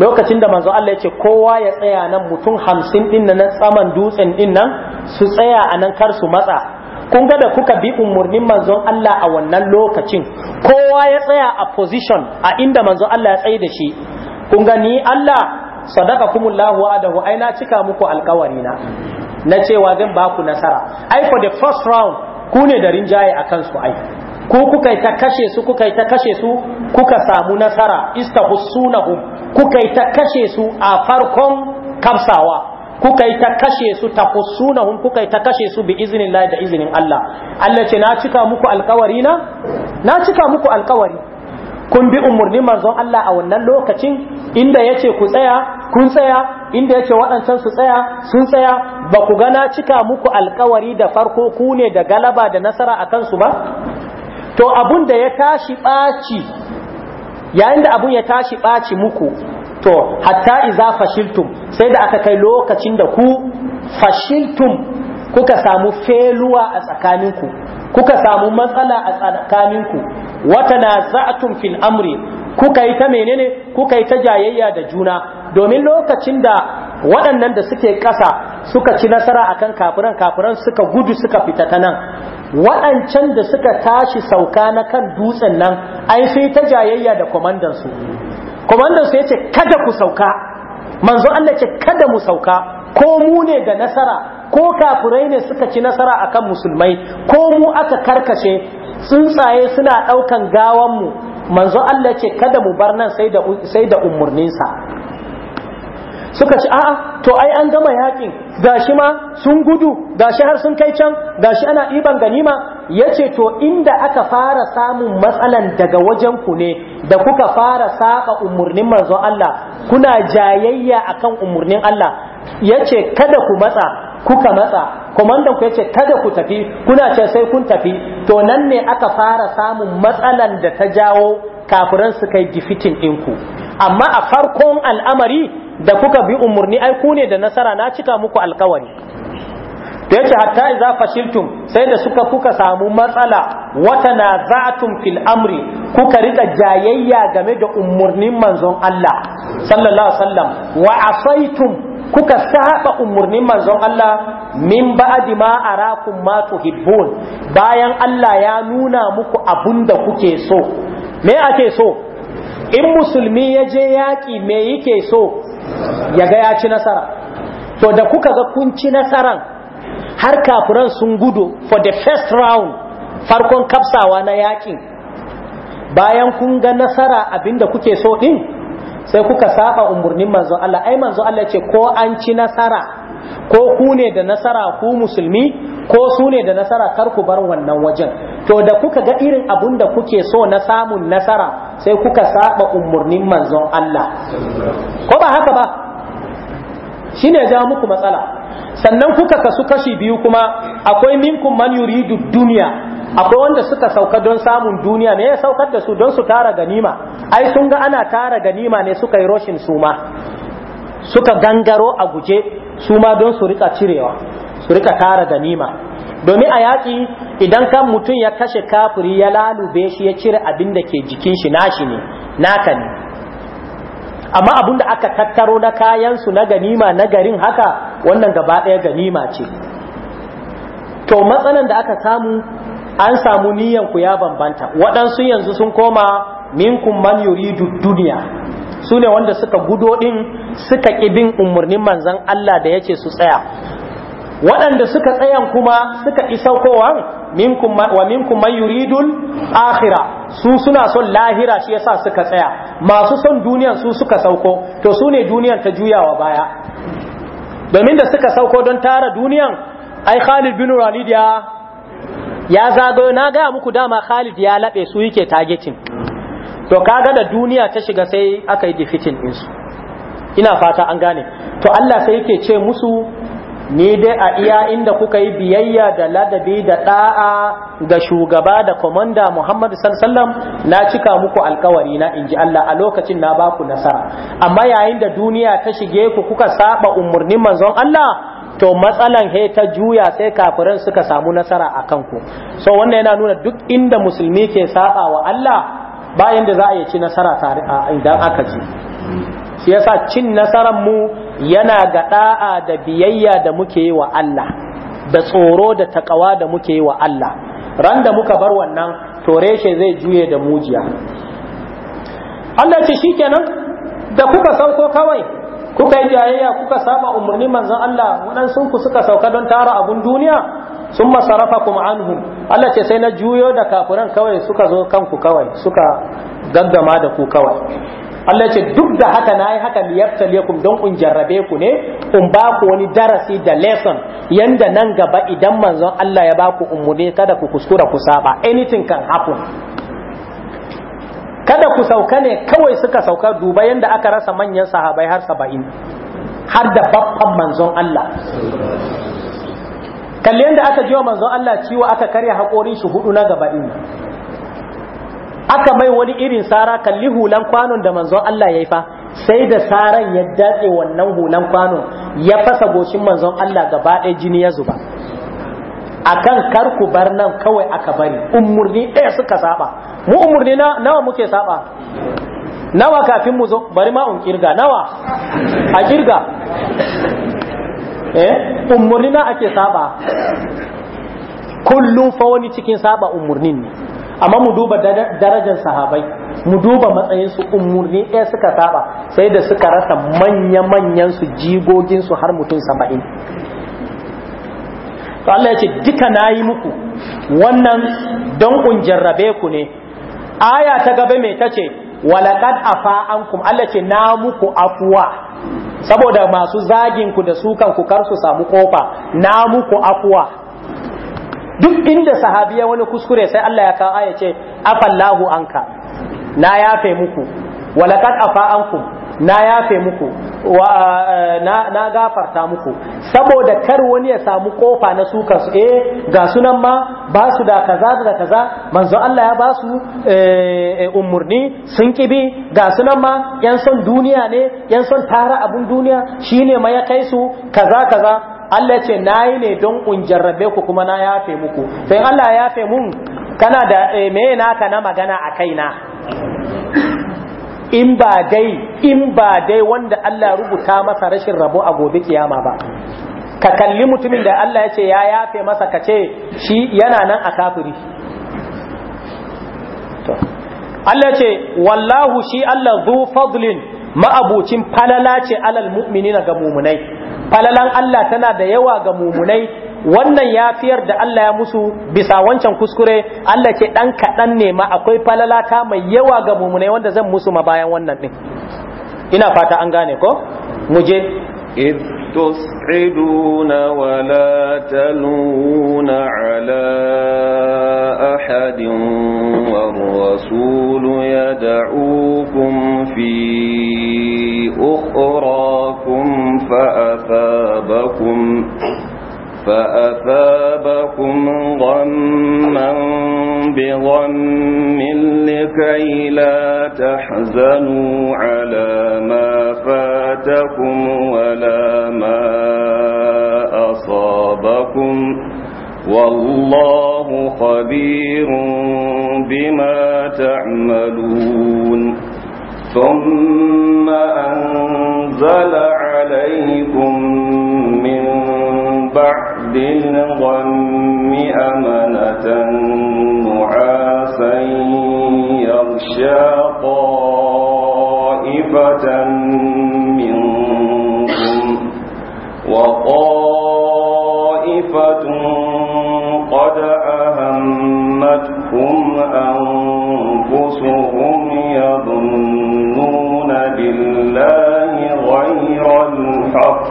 lokacin da manzo Allah yace kowa ya tsaya nan mutum hamsin din nan tsaman dutsen din nan su tsaya a nan kar su matsa kun ga da kuka bi umarnin manzon Allah a wannan lokacin kowa ya tsaya a position a inda manzon Allah ya tsaye da shi kun ga ni Allah kumun adahu ai na cika muku alƙawari na na cewa zan ba ku nasara ai for the first round ku ne da rinjaye a su ai ku kuka yi ta kashe su kuka ta kashe su kuka samu nasara istahussunahum kuka yi ta kashe su a farkon kamsawa kuka yi ta kashe su ta husunahum kuka ta kashe su bi izinin Allah da izinin Allah Allah ce na cika muku alkawari na na cika muku alkawari kun bi umarnin manzon Allah a wannan lokacin inda yace ku tsaya kun tsaya inda yace waɗancan su tsaya sun tsaya ba ku ga na cika muku alkawari da farko ku ne da galaba da nasara a kansu ba to abun da ya tashi ɓaci yayin da abun ya tashi ɓaci muku to hatta iza fashiltum sai da aka kai lokacin da ku fashiltum kuka samu feluwa a tsakaninku kuka samu matsala a tsakaninku wata na za'atun fil amri kuka yi ta menene kuka yi ta jayayya da juna domin lokacin da waɗannan da suke ƙasa suka ci nasara akan kafiran kafiran suka gudu suka fita ta nan waɗancan da suka tashi sauka na kan dutsen nan ai sai ta jayayya da kwamandansu komandan su ce kada ku sauka manzo Allah ce kada mu sauka ko mu ne da nasara ko kafurai ne suka ci nasara akan musulmai ko mu aka karkashe tsuntsaye suna ɗaukan gawan mu manzo Allah ce kada mu bar nan sai da sai da umurninsa suka ci a'a to ai an gama yakin gashi ma sun gudu gashi har sun kai can gashi ana ɗiban ganima yace to inda aka fara samun matsalan daga wajen ku ne da kuka fara saba umurnin manzon Allah kuna jayayya akan umurnin Allah yace kada ku matsa kuka matsa komandan ku yace kada ku tafi kuna ce sai kun tafi to nan ne aka fara samun matsalan da ta jawo kafiran su kai difitin ɗinku amma a farkon al'amari da kuka bi umarni ai ku ne da nasara na cika muku alkawari da yake hatta idza fashiltum sai da suka kuka samu matsala wata na zatun fil amri kuka rika jayayya game da umarnin manzon Allah sallallahu alaihi wasallam wa asaitum kuka saba umarnin manzon Allah min ba'di ma arakum ma tuhibbun bayan Allah ya nuna muku abun da kuke so me ake so in musulmi ya je yaƙi me yake so ya ga ya ci nasara to da kuka ga kun ci nasaran har kafiran sun gudu for the first round farkon kapsawa na yaƙin bayan kun ga nasara abinda kuke so ɗin sai kuka saba umarnin manzo Allah ai manzo Allah ce ko an ci nasara ko ku ne da nasara ku musulmi ko su ne da nasara kar ku bar wannan wajen to da kuka ga irin abun da kuke so na samun nasara sai kuka saba umurnin manzon Allah ko ba haka ba shine ja muku matsala sannan kuka kasu kashi biyu kuma akwai minkum man yuridu duniya akwai wanda suka sauka don samun duniya ne ya saukar da su don su tara ganima ai sun ga ana tara ganima ne suka yi roshin suma suka gangaro a guje suma don su rika cirewa su rika tara ganima domin a yaƙi idan kan mutum ya kashe kafuri ya lalube shi ya cire abin da ke jikin shi nashi ne naka ne amma abin da aka tattaro na kayansu na ganima na garin haka wannan gaba ɗaya ganima ce to matsalan da aka samu an samu niyan ku ya bambanta waɗansu yanzu sun koma minkum man yuridu duniya su ne wanda suka gudo ɗin suka ƙi bin umarnin manzan Allah da ya ce su tsaya waɗanda suka tsayan kuma suka isau kowan wa minkum man yuridul akhira su suna son lahira shi yasa suka tsaya masu son duniyan su suka sauko to su ne duniyan ta juyawa baya domin da suka sauko don tara duniyan ai Khalid bin Walid ya ya zago na ga muku dama Khalid ya labe su yake targeting to kaga da duniya ta shiga sai aka yi defeating din su ina fata an gane to Allah sai yake ce musu ni dai a iya inda kuka yi biyayya da ladabi da da'a ga shugaba da komanda Muhammadu sallallahu na cika muku alkawari na inji Allah a lokacin na baku nasara amma yayin da duniya ta shige ku kuka saba umurnin manzon Allah to matsalan he ta juya sai kafiran suka samu nasara a kanku so wannan yana nuna duk inda musulmi ke saba wa Allah bayan da za a yi ci nasara tare a idan aka ci shi yasa cin nasaran mu yana ga da'a da biyayya da muke yi wa Allah da tsoro da takawa da muke yi wa Allah ran da muka bar wannan to reshe zai juye da mujiya Allah ce kenan da kuka sauko kawai kuka yi jayayya kuka saba umarni manzon Allah waɗansu ku suka sauka don tara abun duniya sun masarafa kuma anhu, Allah ce sai na juyo da kafiran kawai suka zo kanku kawai suka gaggama da ku kawai Allah ce duk da haka na yi haka ku don in jarrabe ku ne in ba ku wani darasi da lesson yanda nan gaba idan manzon Allah ya ba ku umurni kada ku kuskura ku saba anything can happen kada ku sauka ne kawai suka sauka duba yanda aka rasa manyan sahabai har saba'in har da babban manzon Allah kalli yanda aka jiwa manzon Allah ciwo aka karya haƙorin shi hudu na gaba din aka mai wani irin sara kalli hulan kwanon da manzon Allah ya yi fa sai da saran ya datse wannan hulan kwanon ya fasa goshin manzon Allah gaba ɗaya jini ya zuba akan kar ku bar nan kawai aka bari umurni ɗaya suka saba mu umurni na nawa muke saba nawa kafin mu zo bari ma un kirga nawa a kirga eh umurni na ake saba kullum fa wani cikin saba umurnin ne amma mu duba darajar sahabai mu duba matsayin su umurni ɗaya suka saba sai da suka rasa manya-manyan su jigogin su har mutum saba'in to Allah ya ce duka nayi muku wannan don kun jarrabe ku ne aya ta gaba mai tace walaqad afa ankum Allah ce na muku afuwa saboda masu zagin ku da sukan ku kar su samu kofa na muku afuwa duk inda sahabiya wani kuskure sai Allah ya kawo aya afallahu anka na yafe muku walakat afa ankum na yafe muku wa eh, na, na gafarta muku saboda kar wani ya samu kofa na su eh ga sunan ma ba su da kaza da kaza manzo Allah ya ba su eh, eh, umurni sun kibi ga sunan ma yan son duniya ne yan son tara abun duniya shine ma ya kai su kaza kaza Allah ce na yi ne don in jarrabe ku kuma na yafe muku sai in Allah ya yafe mun kana da eh, me naka na magana a kaina in ba dai in ba dai wanda Allah rubuta masa rashin rabo a gobe kiyama ba ka kalli mutumin da Allah ya ce ya yafe masa ka ce shi yana nan a kafiri Allah ce wallahu shi Allah zu fadlin ma'abucin falala ce alal mu'minina ga mumunai falalan Allah tana da yawa ga mumunai wannan yafiyar da Allah ya musu bisa wancan kuskure Allah ce dan kaɗan ne ma akwai falalata mai yawa ga mumunai wanda zan musu ma bayan wannan ɗin ina fata an gane ko mu je إذ تصعدون ولا تلون على أحد والرسول يدعوكم في أخراكم فأثابكم فأثابكم فأثابكم غما بغم لكي لا تحزنوا على ما فاتكم ولا ما أصابكم والله خبير بما تعملون ثم أنزل عليكم بالغم أمنة نعاسا يغشى طائفة منكم وطائفة قد أهمتهم أنفسهم يظنون بالله غير الحق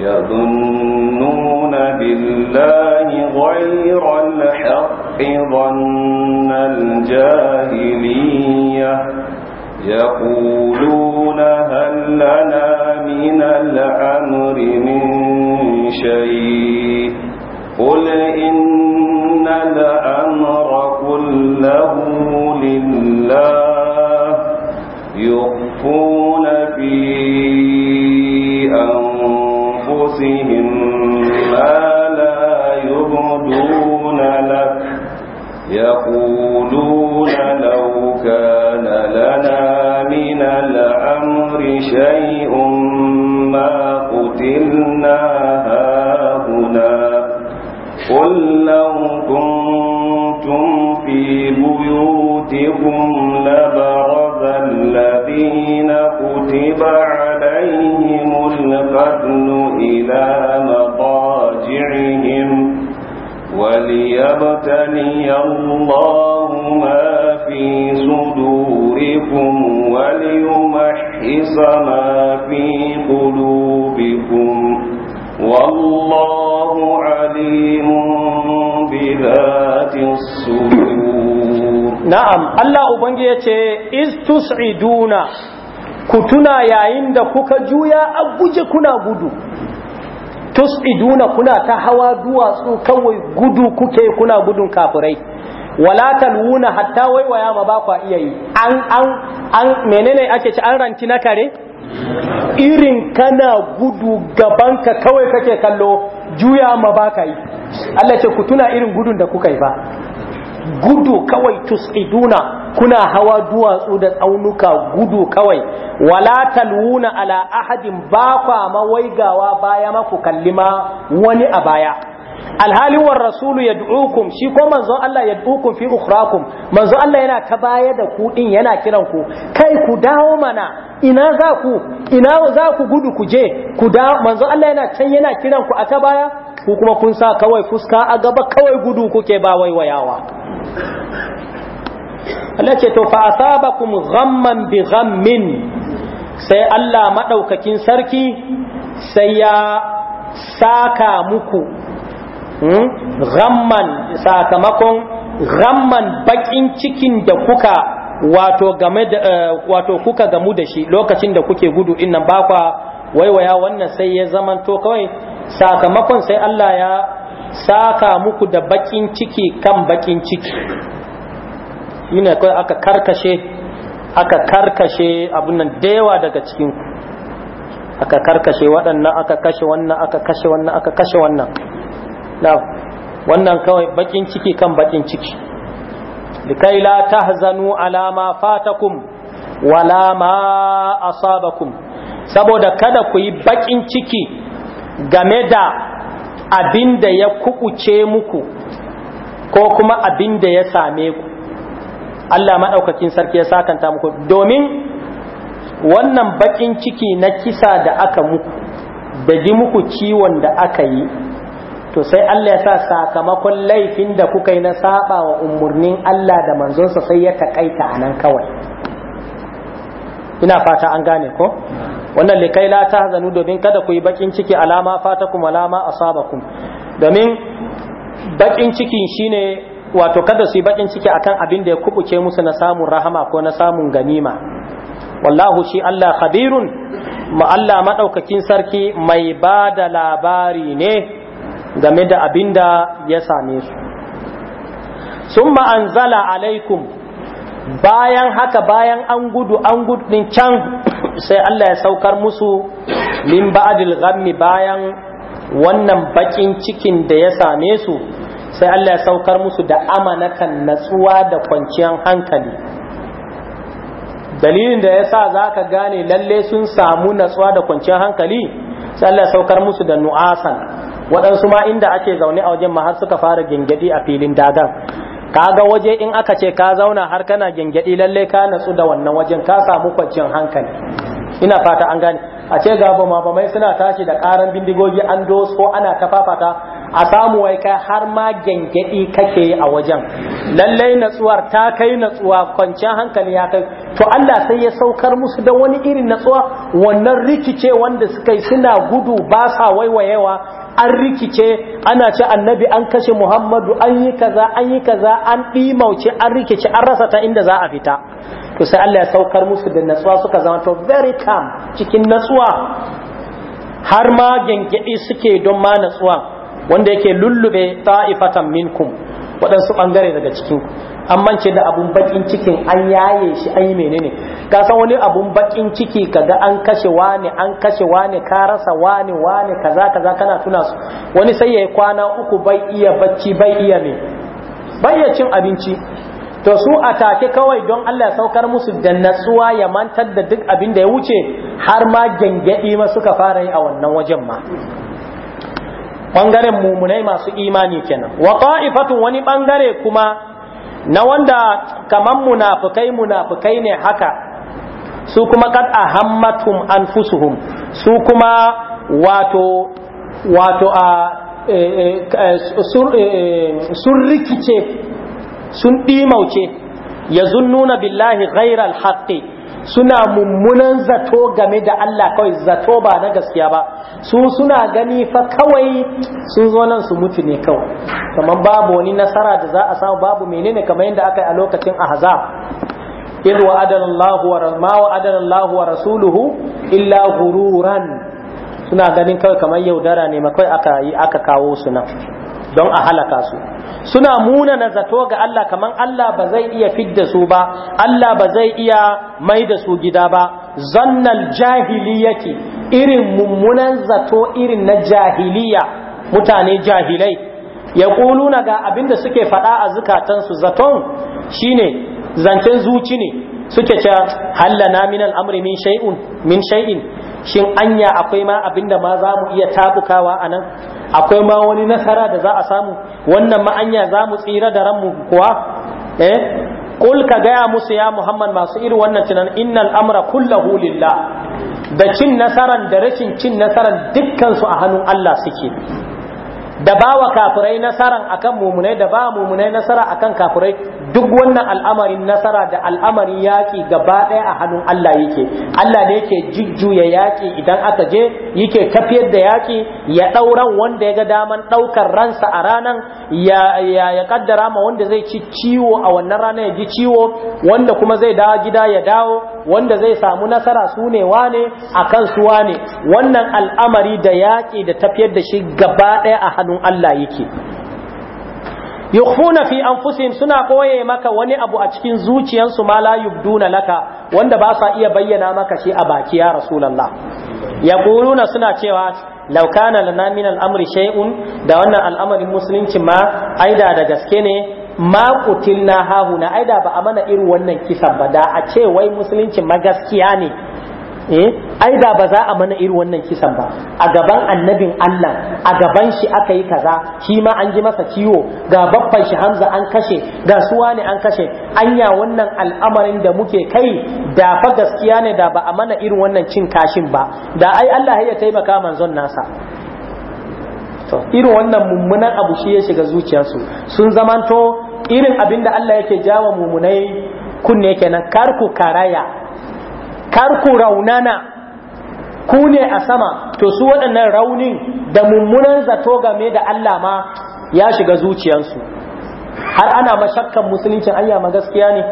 يظنون بالله غير الحق ظن الجاهلية يقولون هل لنا من الأمر من شيء قل إن الأمر كله لله يخفون في أمر أنفسهم ما لا يبدون لك يقولون لو كان لنا من الأمر شيء ما قتلنا هاهنا قل لو كنتم في بيوتكم لبرز الذين كتب عليهم القتل إلى مضاجعهم وليبتلي الله ما في صدوركم وليمحص ما في قلوبكم والله عليم بذات الصدور نعم الله أبنجي يتي إذ تسعدون كتنا يا عند كوكا جويا أبوجي كنا بدو tus'iduna kuna ta hawa duwatsu kawai gudu kuke kuna gudun kafirai wala talwuna hatta waiwaya waya ma ba kwa iya yi an an an menene ake ci an ranti na kare irin kana gudu gaban ka kawai kake kallo juya ma ba ka yi Allah ce ku tuna irin gudun da kuka yi ba gudu kawai tus'iduna kuna hawa duwatsu da tsaunuka gudu kawai wala talwuna ala ahadin ba kwa mawaigawa baya maku kallima wani a baya alhali war rasulu yad'ukum shi ko manzo Allah yad'ukum fi ukhrakum manzo Allah yana ta baya da ku din yana kiran ku kai ku dawo mana ina za ku ina za ku gudu ku je ku dawo manzo Allah yana can yana kiran ku a ta baya ku kuma kun sa kawai fuska a gaba kawai gudu kuke ba waiwayawa Allah ce to fa asabakum ghamman bi ghammin sai Allah madaukakin sarki sai ya saka muku hmm, ghamman sakamakon ghamman bakin cikin da kuka wato game da eh, wato kuka gamu da shi lokacin da kuke gudu innan ba kwa waiwaya wannan sai ya zamanto kawai sakamakon sai Allah ya saka muku da bakin ciki kan bakin ciki yana kawai aka karkashe aka karkashe abun nan dewa daga cikin aka karkashe waɗannan aka kashe wannan aka kashe wannan aka kashe wannan na wannan kawai bakin ciki kan bakin ciki likai la tahzanu ala ma fatakum wala ma asabakum saboda kada ku yi baƙin ciki game da abin da ya kukuce muku ko kuma abin da ya same ku Allah maɗaukakin sarki ya sakanta muku domin wannan bakin ciki na kisa da aka muku da ji muku ciwon da aka yi to sai Allah ya sa sakamakon laifin da kuka yi na saba wa umarnin Allah da manzonsa sai ya taƙaita a nan kawai ina fata an gane ko wannan likai la ta zanu domin kada ku yi bakin ciki alama fata kuma alama asabakum domin bakin cikin shine wato kada su yi bakin ciki akan abin da ya kubuce musu na samun rahama ko na samun ganima wallahu shi Allah khabirun ma Allah madaukakin sarki mai ba da labari ne game da abin da ya same su summa anzala alaikum bayan haka bayan an gudu an gudu din can sai Allah ya saukar musu min ba'dil ghammi bayan wannan bakin cikin da ya same su sai Allah ya saukar musu da amanatan natsuwa da kwanciyar hankali dalilin da ya sa za ka gane lalle sun samu natsuwa da kwanciyar hankali sai Allah ya saukar musu da nu'asan waɗansu ma inda ake zaune a wajen ma har suka fara gingadi a filin dagan kaga waje in aka ce ka zauna har kana gengedi lalle ka natsu da wannan wajen ka samu kwanciyar hankali ina fata an gane a ce ga ba mai suna tashi da karan bindigogi an doso ana tafafata a samu wai kai har ma gyangyaɗi kake a wajen lalle natsuwar ta kai natsuwa kwanciyar hankali ya kai to Allah sai ya saukar musu da wani irin natsuwa wannan rikice wanda suka yi suna gudu ba sa waiwayewa an rikice ana ce annabi an kashe muhammadu an yi kaza an yi kaza an ɗimauce an rikice an rasa ta inda za a fita to sai Allah ya saukar musu da natsuwa suka zama to very calm cikin natsuwa har ma gengedi suke don ma natsuwa wanda yake lullube ta'ifatan minkum waɗansu ɓangare daga cikin an mance da abun bakin cikin an yaye shi an yi menene ka san wani abun bakin ciki kaga an kashe wani an kashe wani ka rasa wani wani kaza kaza kana tuna su wani sai yayi kwana uku bai iya bacci bai iya me bai iya cin abinci to su a take kawai don Allah ya saukar musu da natsuwa ya mantar da duk abin da ya wuce har ma gyangyaɗi ma suka fara yi a wannan wajen ma bangaren mumunai masu imani kenan wa wani bangare kuma na wanda kaman munafikai munafikai ne haka su kuma kad ahammatum anfusuhum su kuma wato wato a e, e, e, sun rikice sun ɗimauce ya nuna billahi ghairal haqqi suna mummunan zato game da Allah kawai zato ba na gaskiya ba su suna gani fa kawai sun zo nan su mutu ne kawai kamar babu wani nasara da za a samu babu menene kamar yadda aka yi a lokacin ahzab idh wa wa ma wa Allahu wa rasuluhu illa ghururan suna ganin kawai kamar yaudara ne makai aka yi aka kawo su nan don a halaka su suna muna na zato ga Allah kamar Allah ba zai iya fidda su ba Allah ba zai iya mai da su gida ba zannal jahiliyati irin mummunan zato irin na jahiliya mutane jahilai ya na ga abinda suke faɗa a zukatansu zaton shine zancen zuci ne suke ce hallana min al'amri min shay'un min shin anya akwai ma abinda ma za mu iya tabukawa a nan akwai ma wani nasara da za a samu wannan ma anya za mu tsira da ranmu kuwa eh kul ka gaya musu ya muhammad masu irin wannan tunan innal amra kullahu lillah da cin nasaran da rashin cin nasaran dukkansu a hannun Allah suke da ba bawa kafirai nasaran akan mumunai da ba mumunai nasara akan kafirai duk wannan al'amarin nasara da al'amarin yaƙi gaba ɗaya a hannun Allah yake Allah ne yake jujjuya yaƙi idan aka je yake tafiyar da yaƙi ya ɗauran wanda ya ga daman ɗaukar ransa a ranan ya ya kaddara ma wanda zai ci ciwo a wannan rana ya ji ciwo wanda kuma zai dawo gida ya dawo wanda zai samu nasara su ne wane akan su wane wannan al'amari da yaƙi da tafiyar da shi gaba ɗaya a hannun hannun Allah yake yukhfuna fi anfusihim suna koye maka wani abu a cikin zuciyansu ma la yubduna laka wanda ba sa iya bayyana maka shi a baki ya rasulullah yaquluna suna cewa law kana lana min al-amri shay'un da wannan al'amarin musulunci ma aida da gaske ne ma qutilna hahuna aida ba a mana irin wannan kisan ba da a ce wai musulunci ma gaskiya ne eh ai da ba za a mana irin wannan kisan ba a gaban annabin Allah a gaban shi aka yi kaza shi ma an ji masa ciwo ga babban shi Hamza an kashe ga suwa ne an kashe anya wannan al'amarin da muke kai da fa gaskiya ne da ba a mana irin wannan cin kashin ba da ai Allah ya taimaka manzon nasa to irin wannan mummunan abu shi ya shiga zuciyarsu sun zamanto irin abin da Allah yake jawa mummunai kunne kenan karku karaya kar ku raunana ku ne a sama to su waɗannan raunin da mummunan zato game da Allah ma ya shiga zuciyansu har ana mashakkan musuluncin ayya ma gaskiya ne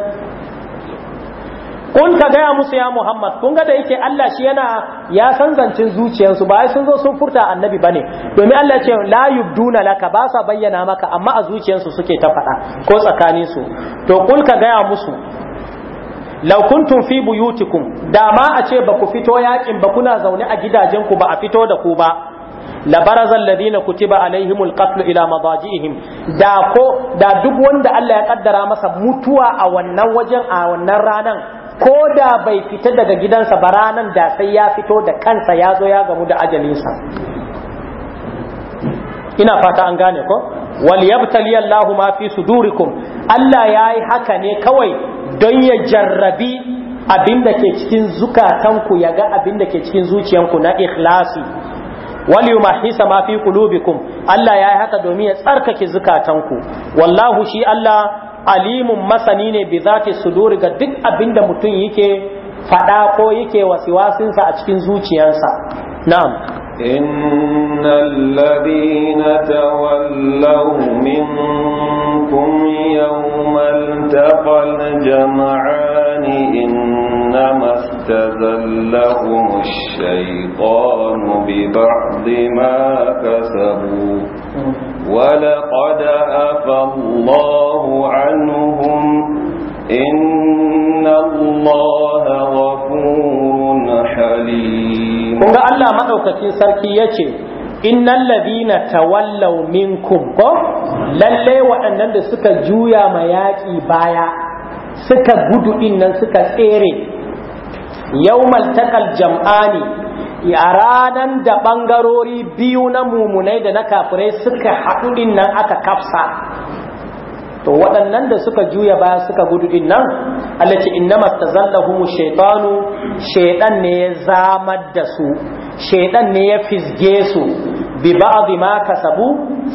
kun ka gaya musu ya Muhammad kun ga da yake Allah shi yana ya san zancin zuciyarsu ba sun zo sun furta annabi ba ne domin Allah ce la yubduna laka ba sa bayyana maka amma a zuciyarsu suke ta faɗa ko tsakaninsu to kun ka gaya musu law kuntum fi buyutikum da ma a ce ba ku fito yakin ba kuna zaune a gidajen ku ba a fito da ku ba la baraza alladhina kutiba alaihimul qatl ila madajihim da ko da duk wanda Allah ya kaddara masa mutuwa a wannan wajen a wannan ranan ko da bai fita daga gidansa ba ranan da sai ya fito da kansa ya zo ya gamu da ajalinsa ina fata an gane ko wal yabtali Allahu ma fi sudurikum Allah yayi haka ne kawai don ya jarrabi abinda ke cikin zukatanku ya ga abinda ke cikin ku na ikhlasi wal yumahhisa ma fi qulubikum Allah yayi haka domin ya tsarkake zukatanku wallahu shi Allah alimun masani ne bi zati suduri ga duk abinda mutum yake fada ko yake wasiwasinsa a cikin zuciyarsa na'am إن الذين تولوا منكم يوم التقى الجمعان إنما استذلهم الشيطان ببعض ما كسبوا ولقد أفى الله عنهم إن الله غفور kun ga Allah maɗaukacin sarki ya ce innal ladina tawallaw minkum ko lalle waɗannan da suka juya ma yaƙi baya suka gudu din nan suka tsere yawmal takal jam'ani a ranar da ɓangarori biyu na mumunai da na kafirai suka haɗu din nan aka kafsa to waɗannan da suka juya baya suka gudu din nan Allah ce innama tazallahu shaytanu shaydan ne ya zamar da su shaydan ne ya fisge su bi ba'd ma kasabu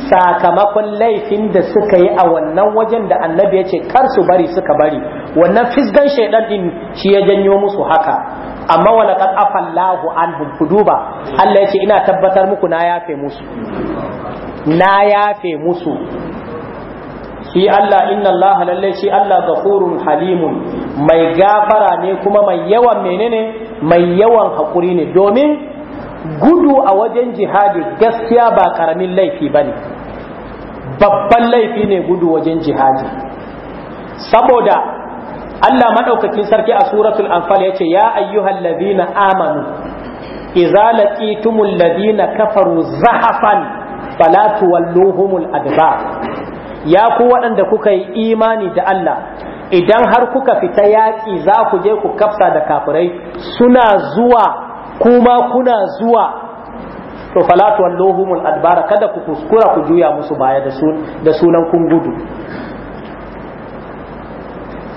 sakamakon laifin da suka yi a wannan wajen da annabi ya ce kar su bari suka bari wannan fisgan shaydan din shi ya janyo musu haka amma walaqad afallahu anhum kuduba Allah ya ce ina tabbatar muku na yafe musu na yafe musu shi Allah inna Allah lalle shi Allah ghafurun halimun mai gafara ne kuma mai yawan menene mai yawan hakuri ne domin gudu a wajen jihadi gaskiya ba karamin laifi bane babban laifi ne gudu wajen jihadi saboda Allah madaukakin sarki a suratul anfal yace ya ayyuhal na amanu idza laqitumul ladina kafaru zahafan fala tuwalluhumul adbar ya ku waɗanda kuka yi imani da Allah idan har kuka fita yaƙi za ku je ku kafsa da kafirai suna zuwa kuma kuna zuwa to falatu wallohumul adbara kada ku kuskura ku juya musu baya da sunan kun gudu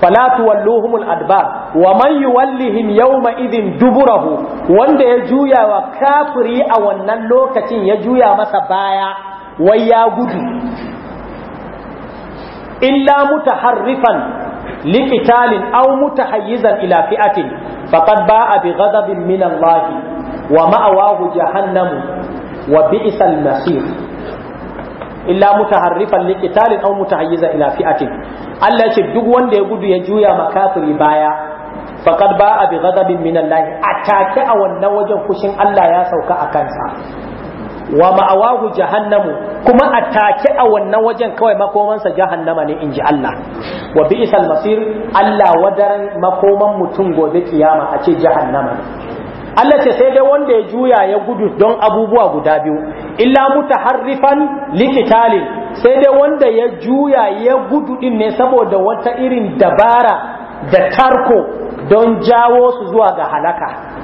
falatu wallohumul adbar wa man yuwallihim yawma idin duburahu wanda ya juya wa kafiri a wannan lokacin ya juya masa baya wai ya gudu illa harrifan mutaharrifan liqitalin aw mutahayyizan ila fi'atin faqad ba'a bi ghadabin min Allah wa ma'awahu jahannamu wa bi'sal masir illa harrifan mutaharrifan liqitalin aw mutahayyizan ila fi'atin Allah ya ce duk wanda ya gudu ya juya makafiri baya faqad ba'a bi ghadabin min Allah atake a wannan wajen fushin Allah ya sauka a kansa wa ma'awahu jahannamu kuma a take a wannan wajen kawai makomansa jahannama ne in ji Allah wa isal masir Allah wadaran makoman mutum gobe kiyama a ce jahannama Allah ce sai dai wanda ya juya ya gudu don abubuwa guda biyu illa mutaharrifan likitalin sai dai wanda ya juya ya gudu din ne saboda wata irin dabara da tarko don jawo su zuwa ga halaka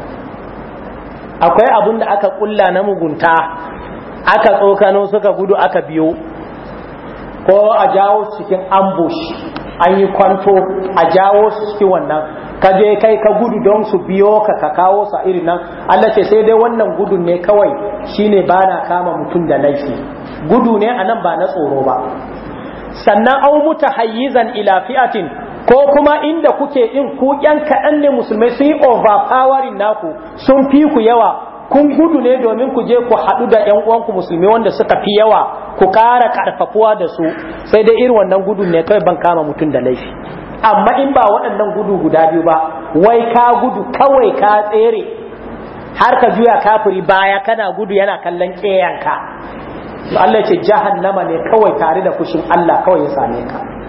akwai abun da aka kulla na mugunta aka tsokano suka gudu aka biyo ko a jawo cikin ambush an yi kwanto a jawo su cikin wannan ka je kai ka gudu don su biyo ka ka kawo sa irin nan Allah ce sai dai wannan gudun ne kawai shine ba na kama mutum da laifi gudu ne anan ba na tsoro ba sannan au mutahayyizan ila fi'atin ko kuma inda kuke in ku yan kaɗan ne musulmai sun yi overpowering naku sun fi ku yawa kun gudu ne domin ku je ku haɗu da ‘yan uwanku musulmi wanda suka fi yawa ku ƙara ƙarfafuwa da su sai dai irin wannan gudun ne kawai ban kama mutum da laifi amma in ba waɗannan gudu guda biyu ba wai ka gudu kawai ka tsere har ka juya kafiri baya kana gudu yana kallon ƙeyanka Allah ce jahannama ne kawai tare da kushin Allah kawai ya same ka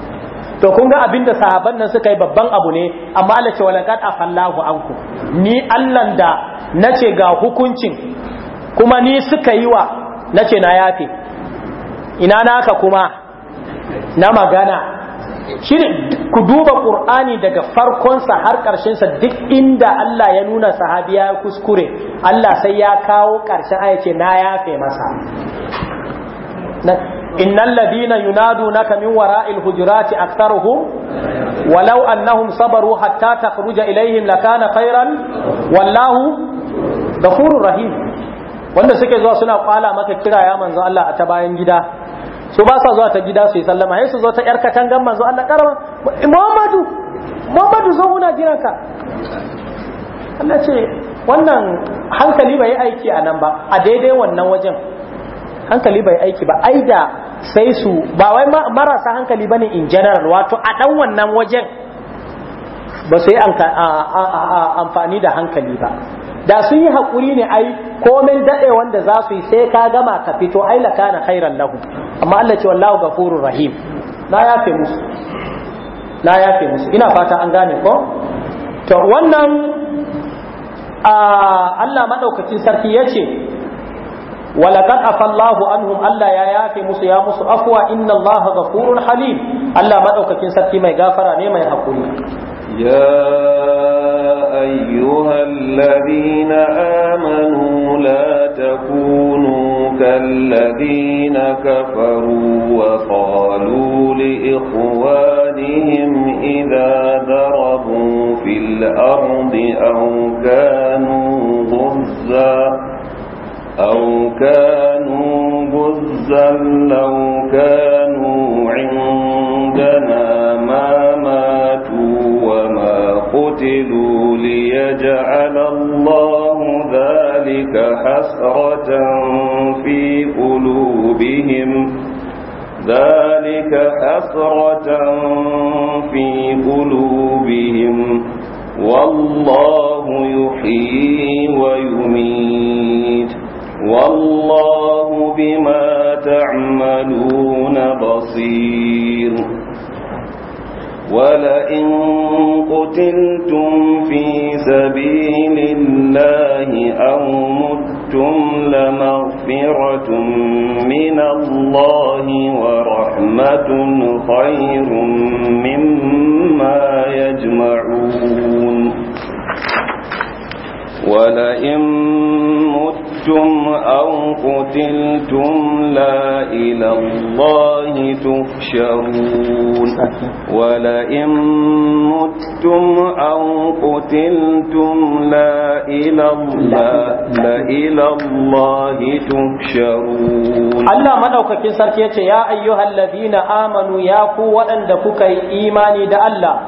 to kun ga abinda sahaban nan suka yi babban abu ne amma Allah ce walaqad afallahu anku ni Allah da nace ga hukuncin kuma ni suka yi wa nace na yafe ina naka kuma na magana shi ku duba qur'ani daga farkonsa har sa duk inda Allah ya nuna sahabiya ya kuskure Allah sai ya kawo ƙarshen ayace ce na yafe masa innal ladina yunadunaka min wara'il hujurati aktharuhum walau annahum sabaru hatta takhruja ilaihim lakana khairan wallahu ghafurur rahim wanda suke zuwa suna kwala maka kira ya manzo Allah a ta bayan gida su ba sa zuwa ta gida su yi sallama sai su zo ta yar katangan manzo Allah karama Muhammadu Muhammadu zo muna jiran ka Allah ce wannan hankali bai aiki a nan ba a daidai wannan wajen hankali bai aiki ba ai da sai su ba wai marasa hankali bane in general wato a dan wannan wajen ba sai amfani da hankali ba da sun yi haƙuri ne ai komai daɗe wanda za su yi sai ka gama ka fito ai la kana khairan lahu amma Allah ce wallahu ghafurur rahim Na yafe musu na yafe musu ina fata an gane ko to wannan Allah madaukakin sarki yace ولقد عفى الله عنهم ألا يا يافي موسى يا موسى أفوى إن الله غفور حليم ألا ما أوكا سكي ستي ما ني ما يحقوني يا أيها الذين آمنوا لا تكونوا كالذين كفروا وقالوا لإخوانهم إذا ضربوا في الأرض أو كانوا غزاً أو كانوا بزا لو كانوا عندنا ما ماتوا وما قتلوا ليجعل الله ذلك حسرة في قلوبهم ذلك حسرة في قلوبهم والله يحيي ويميت والله بما تعملون بصير ولئن قتلتم في سبيل الله أو متم لمغفرة من الله ورحمة خير مما يجمعون ولئن مت متم أو قتلتم لا إلى الله تحشرون ولئن متم أو قتلتم لا إلى الله لا إلى الله تحشرون الله ما دوك كنسر يا أيها الذين آمنوا يا قوة أن دكوك إيماني دا الله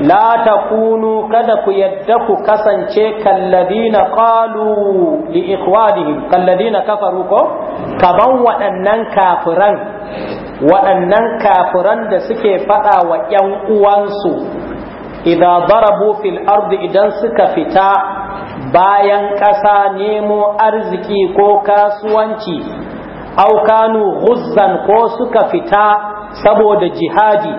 la kunu kada ku yadda ku kasance kalladina qalu li kafaru ko Kaban waɗannan kafiran waɗannan kafiran da suke faɗawa 'yan uwansu idza darabu fil ardi idan suka fita bayan ƙasa nemo arziki ko kasuwanci au huzzan ko suka fita saboda jihadi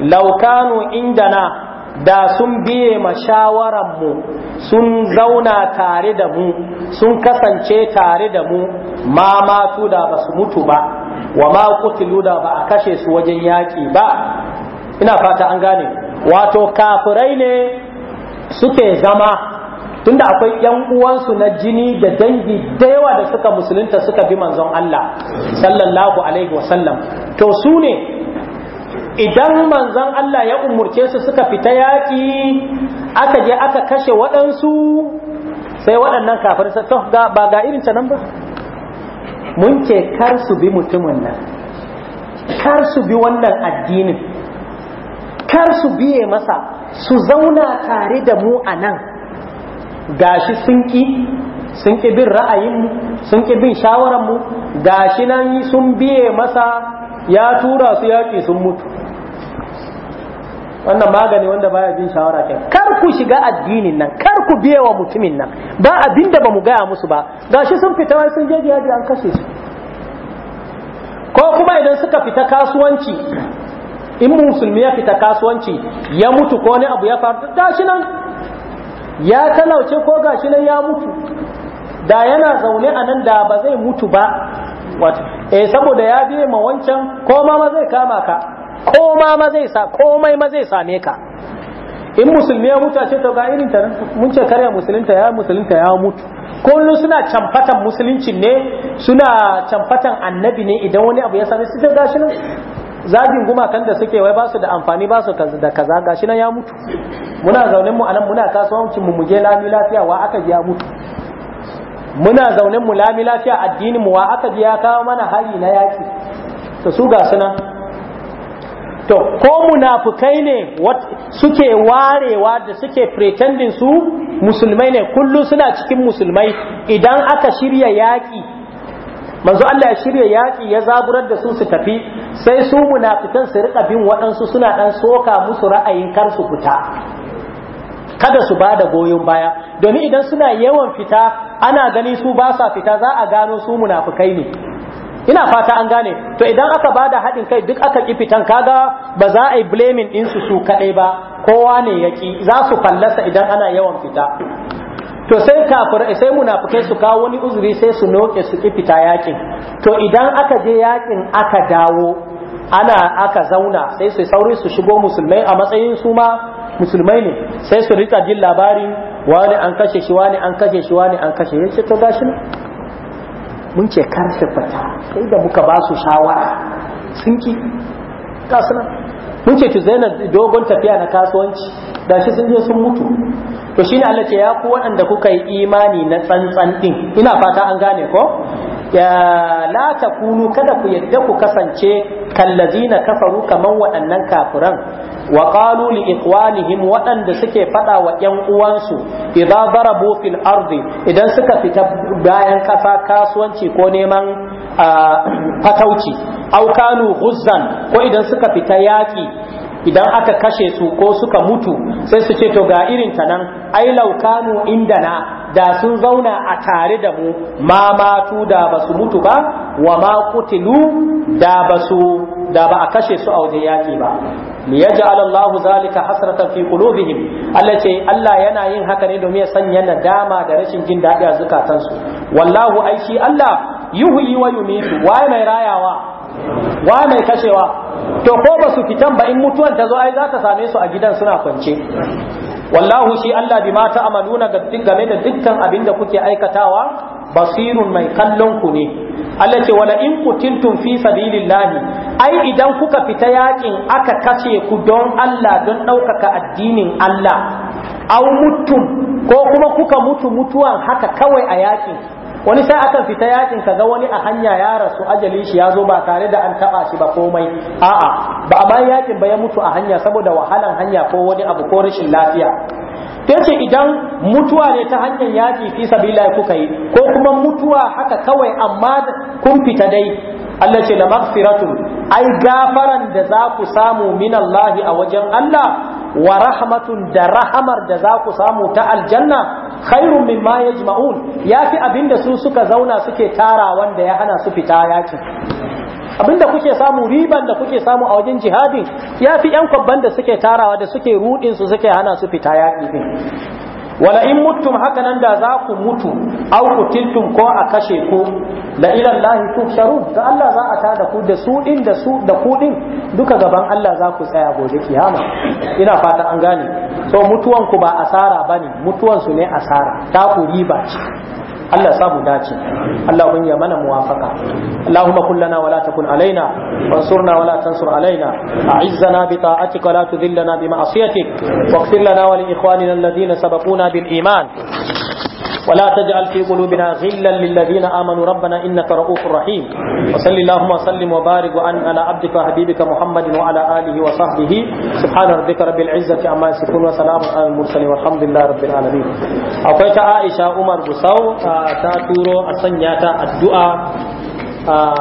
laukanu indana da sun biye ma shawararmu sun zauna tare da mu sun kasance tare da mu ma matu da ba su mutu ba wa ma kutilu da ba a kashe su wajen yaƙi ba ina fata an gane wato kafirai ne suke zama tunda akwai yan uwansu na jini da dangi da yawa da suka musulunta suka bi manzon Allah sallallahu alaihi wasallam to su ne idan manzan Allah ya umurce su suka fita yaƙi aka je aka kashe waɗansu sai waɗannan kafin to ba ga irin ta ba mun ke kar su bi mutumin nan kar su bi wannan addinin kar su biye masa su zauna tare da mu a nan gashi sun ki sun ki bin ra'ayinmu sun ki bin shawararmu gashi nan sun biye masa ya tura su yaƙi sun mutu wannan magani wanda baya bin shawara kai kar ku shiga addinin nan kar ku biye wa mutumin nan ba abinda ba mu gaya musu ba gashi sun fita wai sun je jihadi an kashe su ko kuma idan suka fita kasuwanci in musulmi ya fita kasuwanci ya mutu ko ne abu ya faru gashi nan ya talauce ko gashi nan ya mutu da yana zaune a nan da ba zai mutu ba wato eh saboda ya biye ma wancan ko ma zai kama ka koma ma zai sa komai ma zai same ka in musulmi ya mutu a ce ta ga irin ta mun ce karya musulunta ya musulunta ya mutu kullum suna camfatan musulunci ne suna camfatan annabi ne idan wani abu ya same su ga shi nan zagin gumakan da suke wai ba su da amfani ba su da kaza ga shi nan ya mutu muna zaune mu anan muna kasuwancin mu muje lami lafiya wa aka ji ya mutu muna zaune mu lami lafiya addinin mu wa aka ji ya kawo mana hari na yaki to su ga suna to ko munafukai ne suke warewa da suke pretending su musulmai ne kullum suna cikin musulmai idan aka shirya yaƙi manzo Allah ya shirya yaƙi ya zaburar da su su tafi sai su munafikan su riƙa bin waɗansu suna ɗan soka musu ra'ayin kar su fita kada su ba da goyon baya domin idan suna yawan fita ana gani su ba sa fita za a gano su munafukai ne ina fata an gane to idan aka bada haɗin kai duk aka ƙi fitan kaga ba za a yi blaming ɗinsu su kaɗai ba kowa ne ya ƙi za su fallasa idan ana yawan fita to sai kafir sai munafikai su kawo wani uzuri sai su noke su ƙi fita yakin to idan aka je yakin aka dawo ana aka zauna sai su sauri su shigo musulmai a matsayin su ma musulmai ne sai su rika jin labarin wani an kashe shi wani an kashe shi wani an kashe shi to gashi mun ce kar fata sai da muka ba su shawara sun ki kasuwa mun ce ki zaina dogon tafiya na kasuwanci da shi sun je sun mutu to shine Allah ce ya ku waɗanda kuka yi imani na tsantsan din ina fata an gane ko la kunu kada ku yadda ku kasance kallazina kafaru kaman waɗannan kafiran wa qalu li ikhwanihim waɗanda suke faɗa wa ƴan uwansu idza darabu fil ardi idan suka fita bayan ƙasa kasuwanci ko neman fatauci aw kanu ghuzzan ko idan suka fita yaƙi idan aka kashe su ko suka mutu sai su ce to ga irin ta nan ai laukanu indana da sun zauna a tare da mu ma matu da ba su mutu ba wa ma kutilu da ba su da ba a kashe su a wajen yaki ba liyaj'al Allahu zalika hasratan fi qulubihim Allah ce Allah yana yin haka ne domin ya sanya nadama da rashin jin daɗi a zukatansu wallahu aishi Allah yuhyi wa yumitu waye mai rayawa waye mai kashewa to ko ba su fitan ba in mutuwan ta zo ai za ta same su a gidan suna kwance wallahu shi Allah bima ta'maluna game da dukkan abin da kuke aikatawa basirun mai kallon ku ne Allah ce wala in kutiltum fi sabilillahi ai idan kuka fita yakin aka kashe ku don Allah don ɗaukaka addinin Allah au mutum ko kuma kuka mutu mutuwan haka kawai a yakin wani sai akan fita yakin kaga wani a hanya ya rasu ajali shi ya zo ba tare da an taba shi ba komai a'a ba a bayan yakin ba ya mutu a hanya saboda wahalan hanya ko wani abu ko rashin lafiya yace idan mutuwa ne ta hanyar yaki fi sabila kuka yi ko kuma mutuwa haka kawai amma kun fita dai Allah ce la maghfiratun ai gafaran da za ku samu min Allah a wajen Allah wa rahmatun da rahamar da za ku samu ta aljanna khairun mimma yajma'un yafi abinda su suka zauna suke tara wanda ya hana su fita yakin abinda kuke samu riban da kuke samu a wajen jihadin yafi yan kwabban da suke tarawa da suke rudin su suke hana su fita yaki wala in mutum haka nan da za ku mutu au kutiltum ko a kashe ku la lahi Allah sharu ga Allah za a tada ku da su din da su da ku din duka gaban Allah za ku tsaya gobe kiyama ina fata an gane so mutuwan ku ba asara bane mutuwan su ne asara ta ku riba ce Allah samu dace Allah kun ya mana muwafaka Allahumma kullana wala takun alaina wansurna wala tansur alaina a'izzana bi ta'atika la tudhillana bi ma'asiyatik واغفر لنا ولإخواننا الذين bil iman. ولا تجعل في قلوبنا غلا للذين آمنوا ربنا إنك رؤوف رحيم وصل اللهم وسلم وبارك وأن على عبدك وحبيبك محمد وعلى آله وصحبه سبحان ربك رب العزة عما يصفون وسلام على المرسلين والحمد لله رب العالمين أقول عائشة عمر بصو تاتورو أسنياتا الدعاء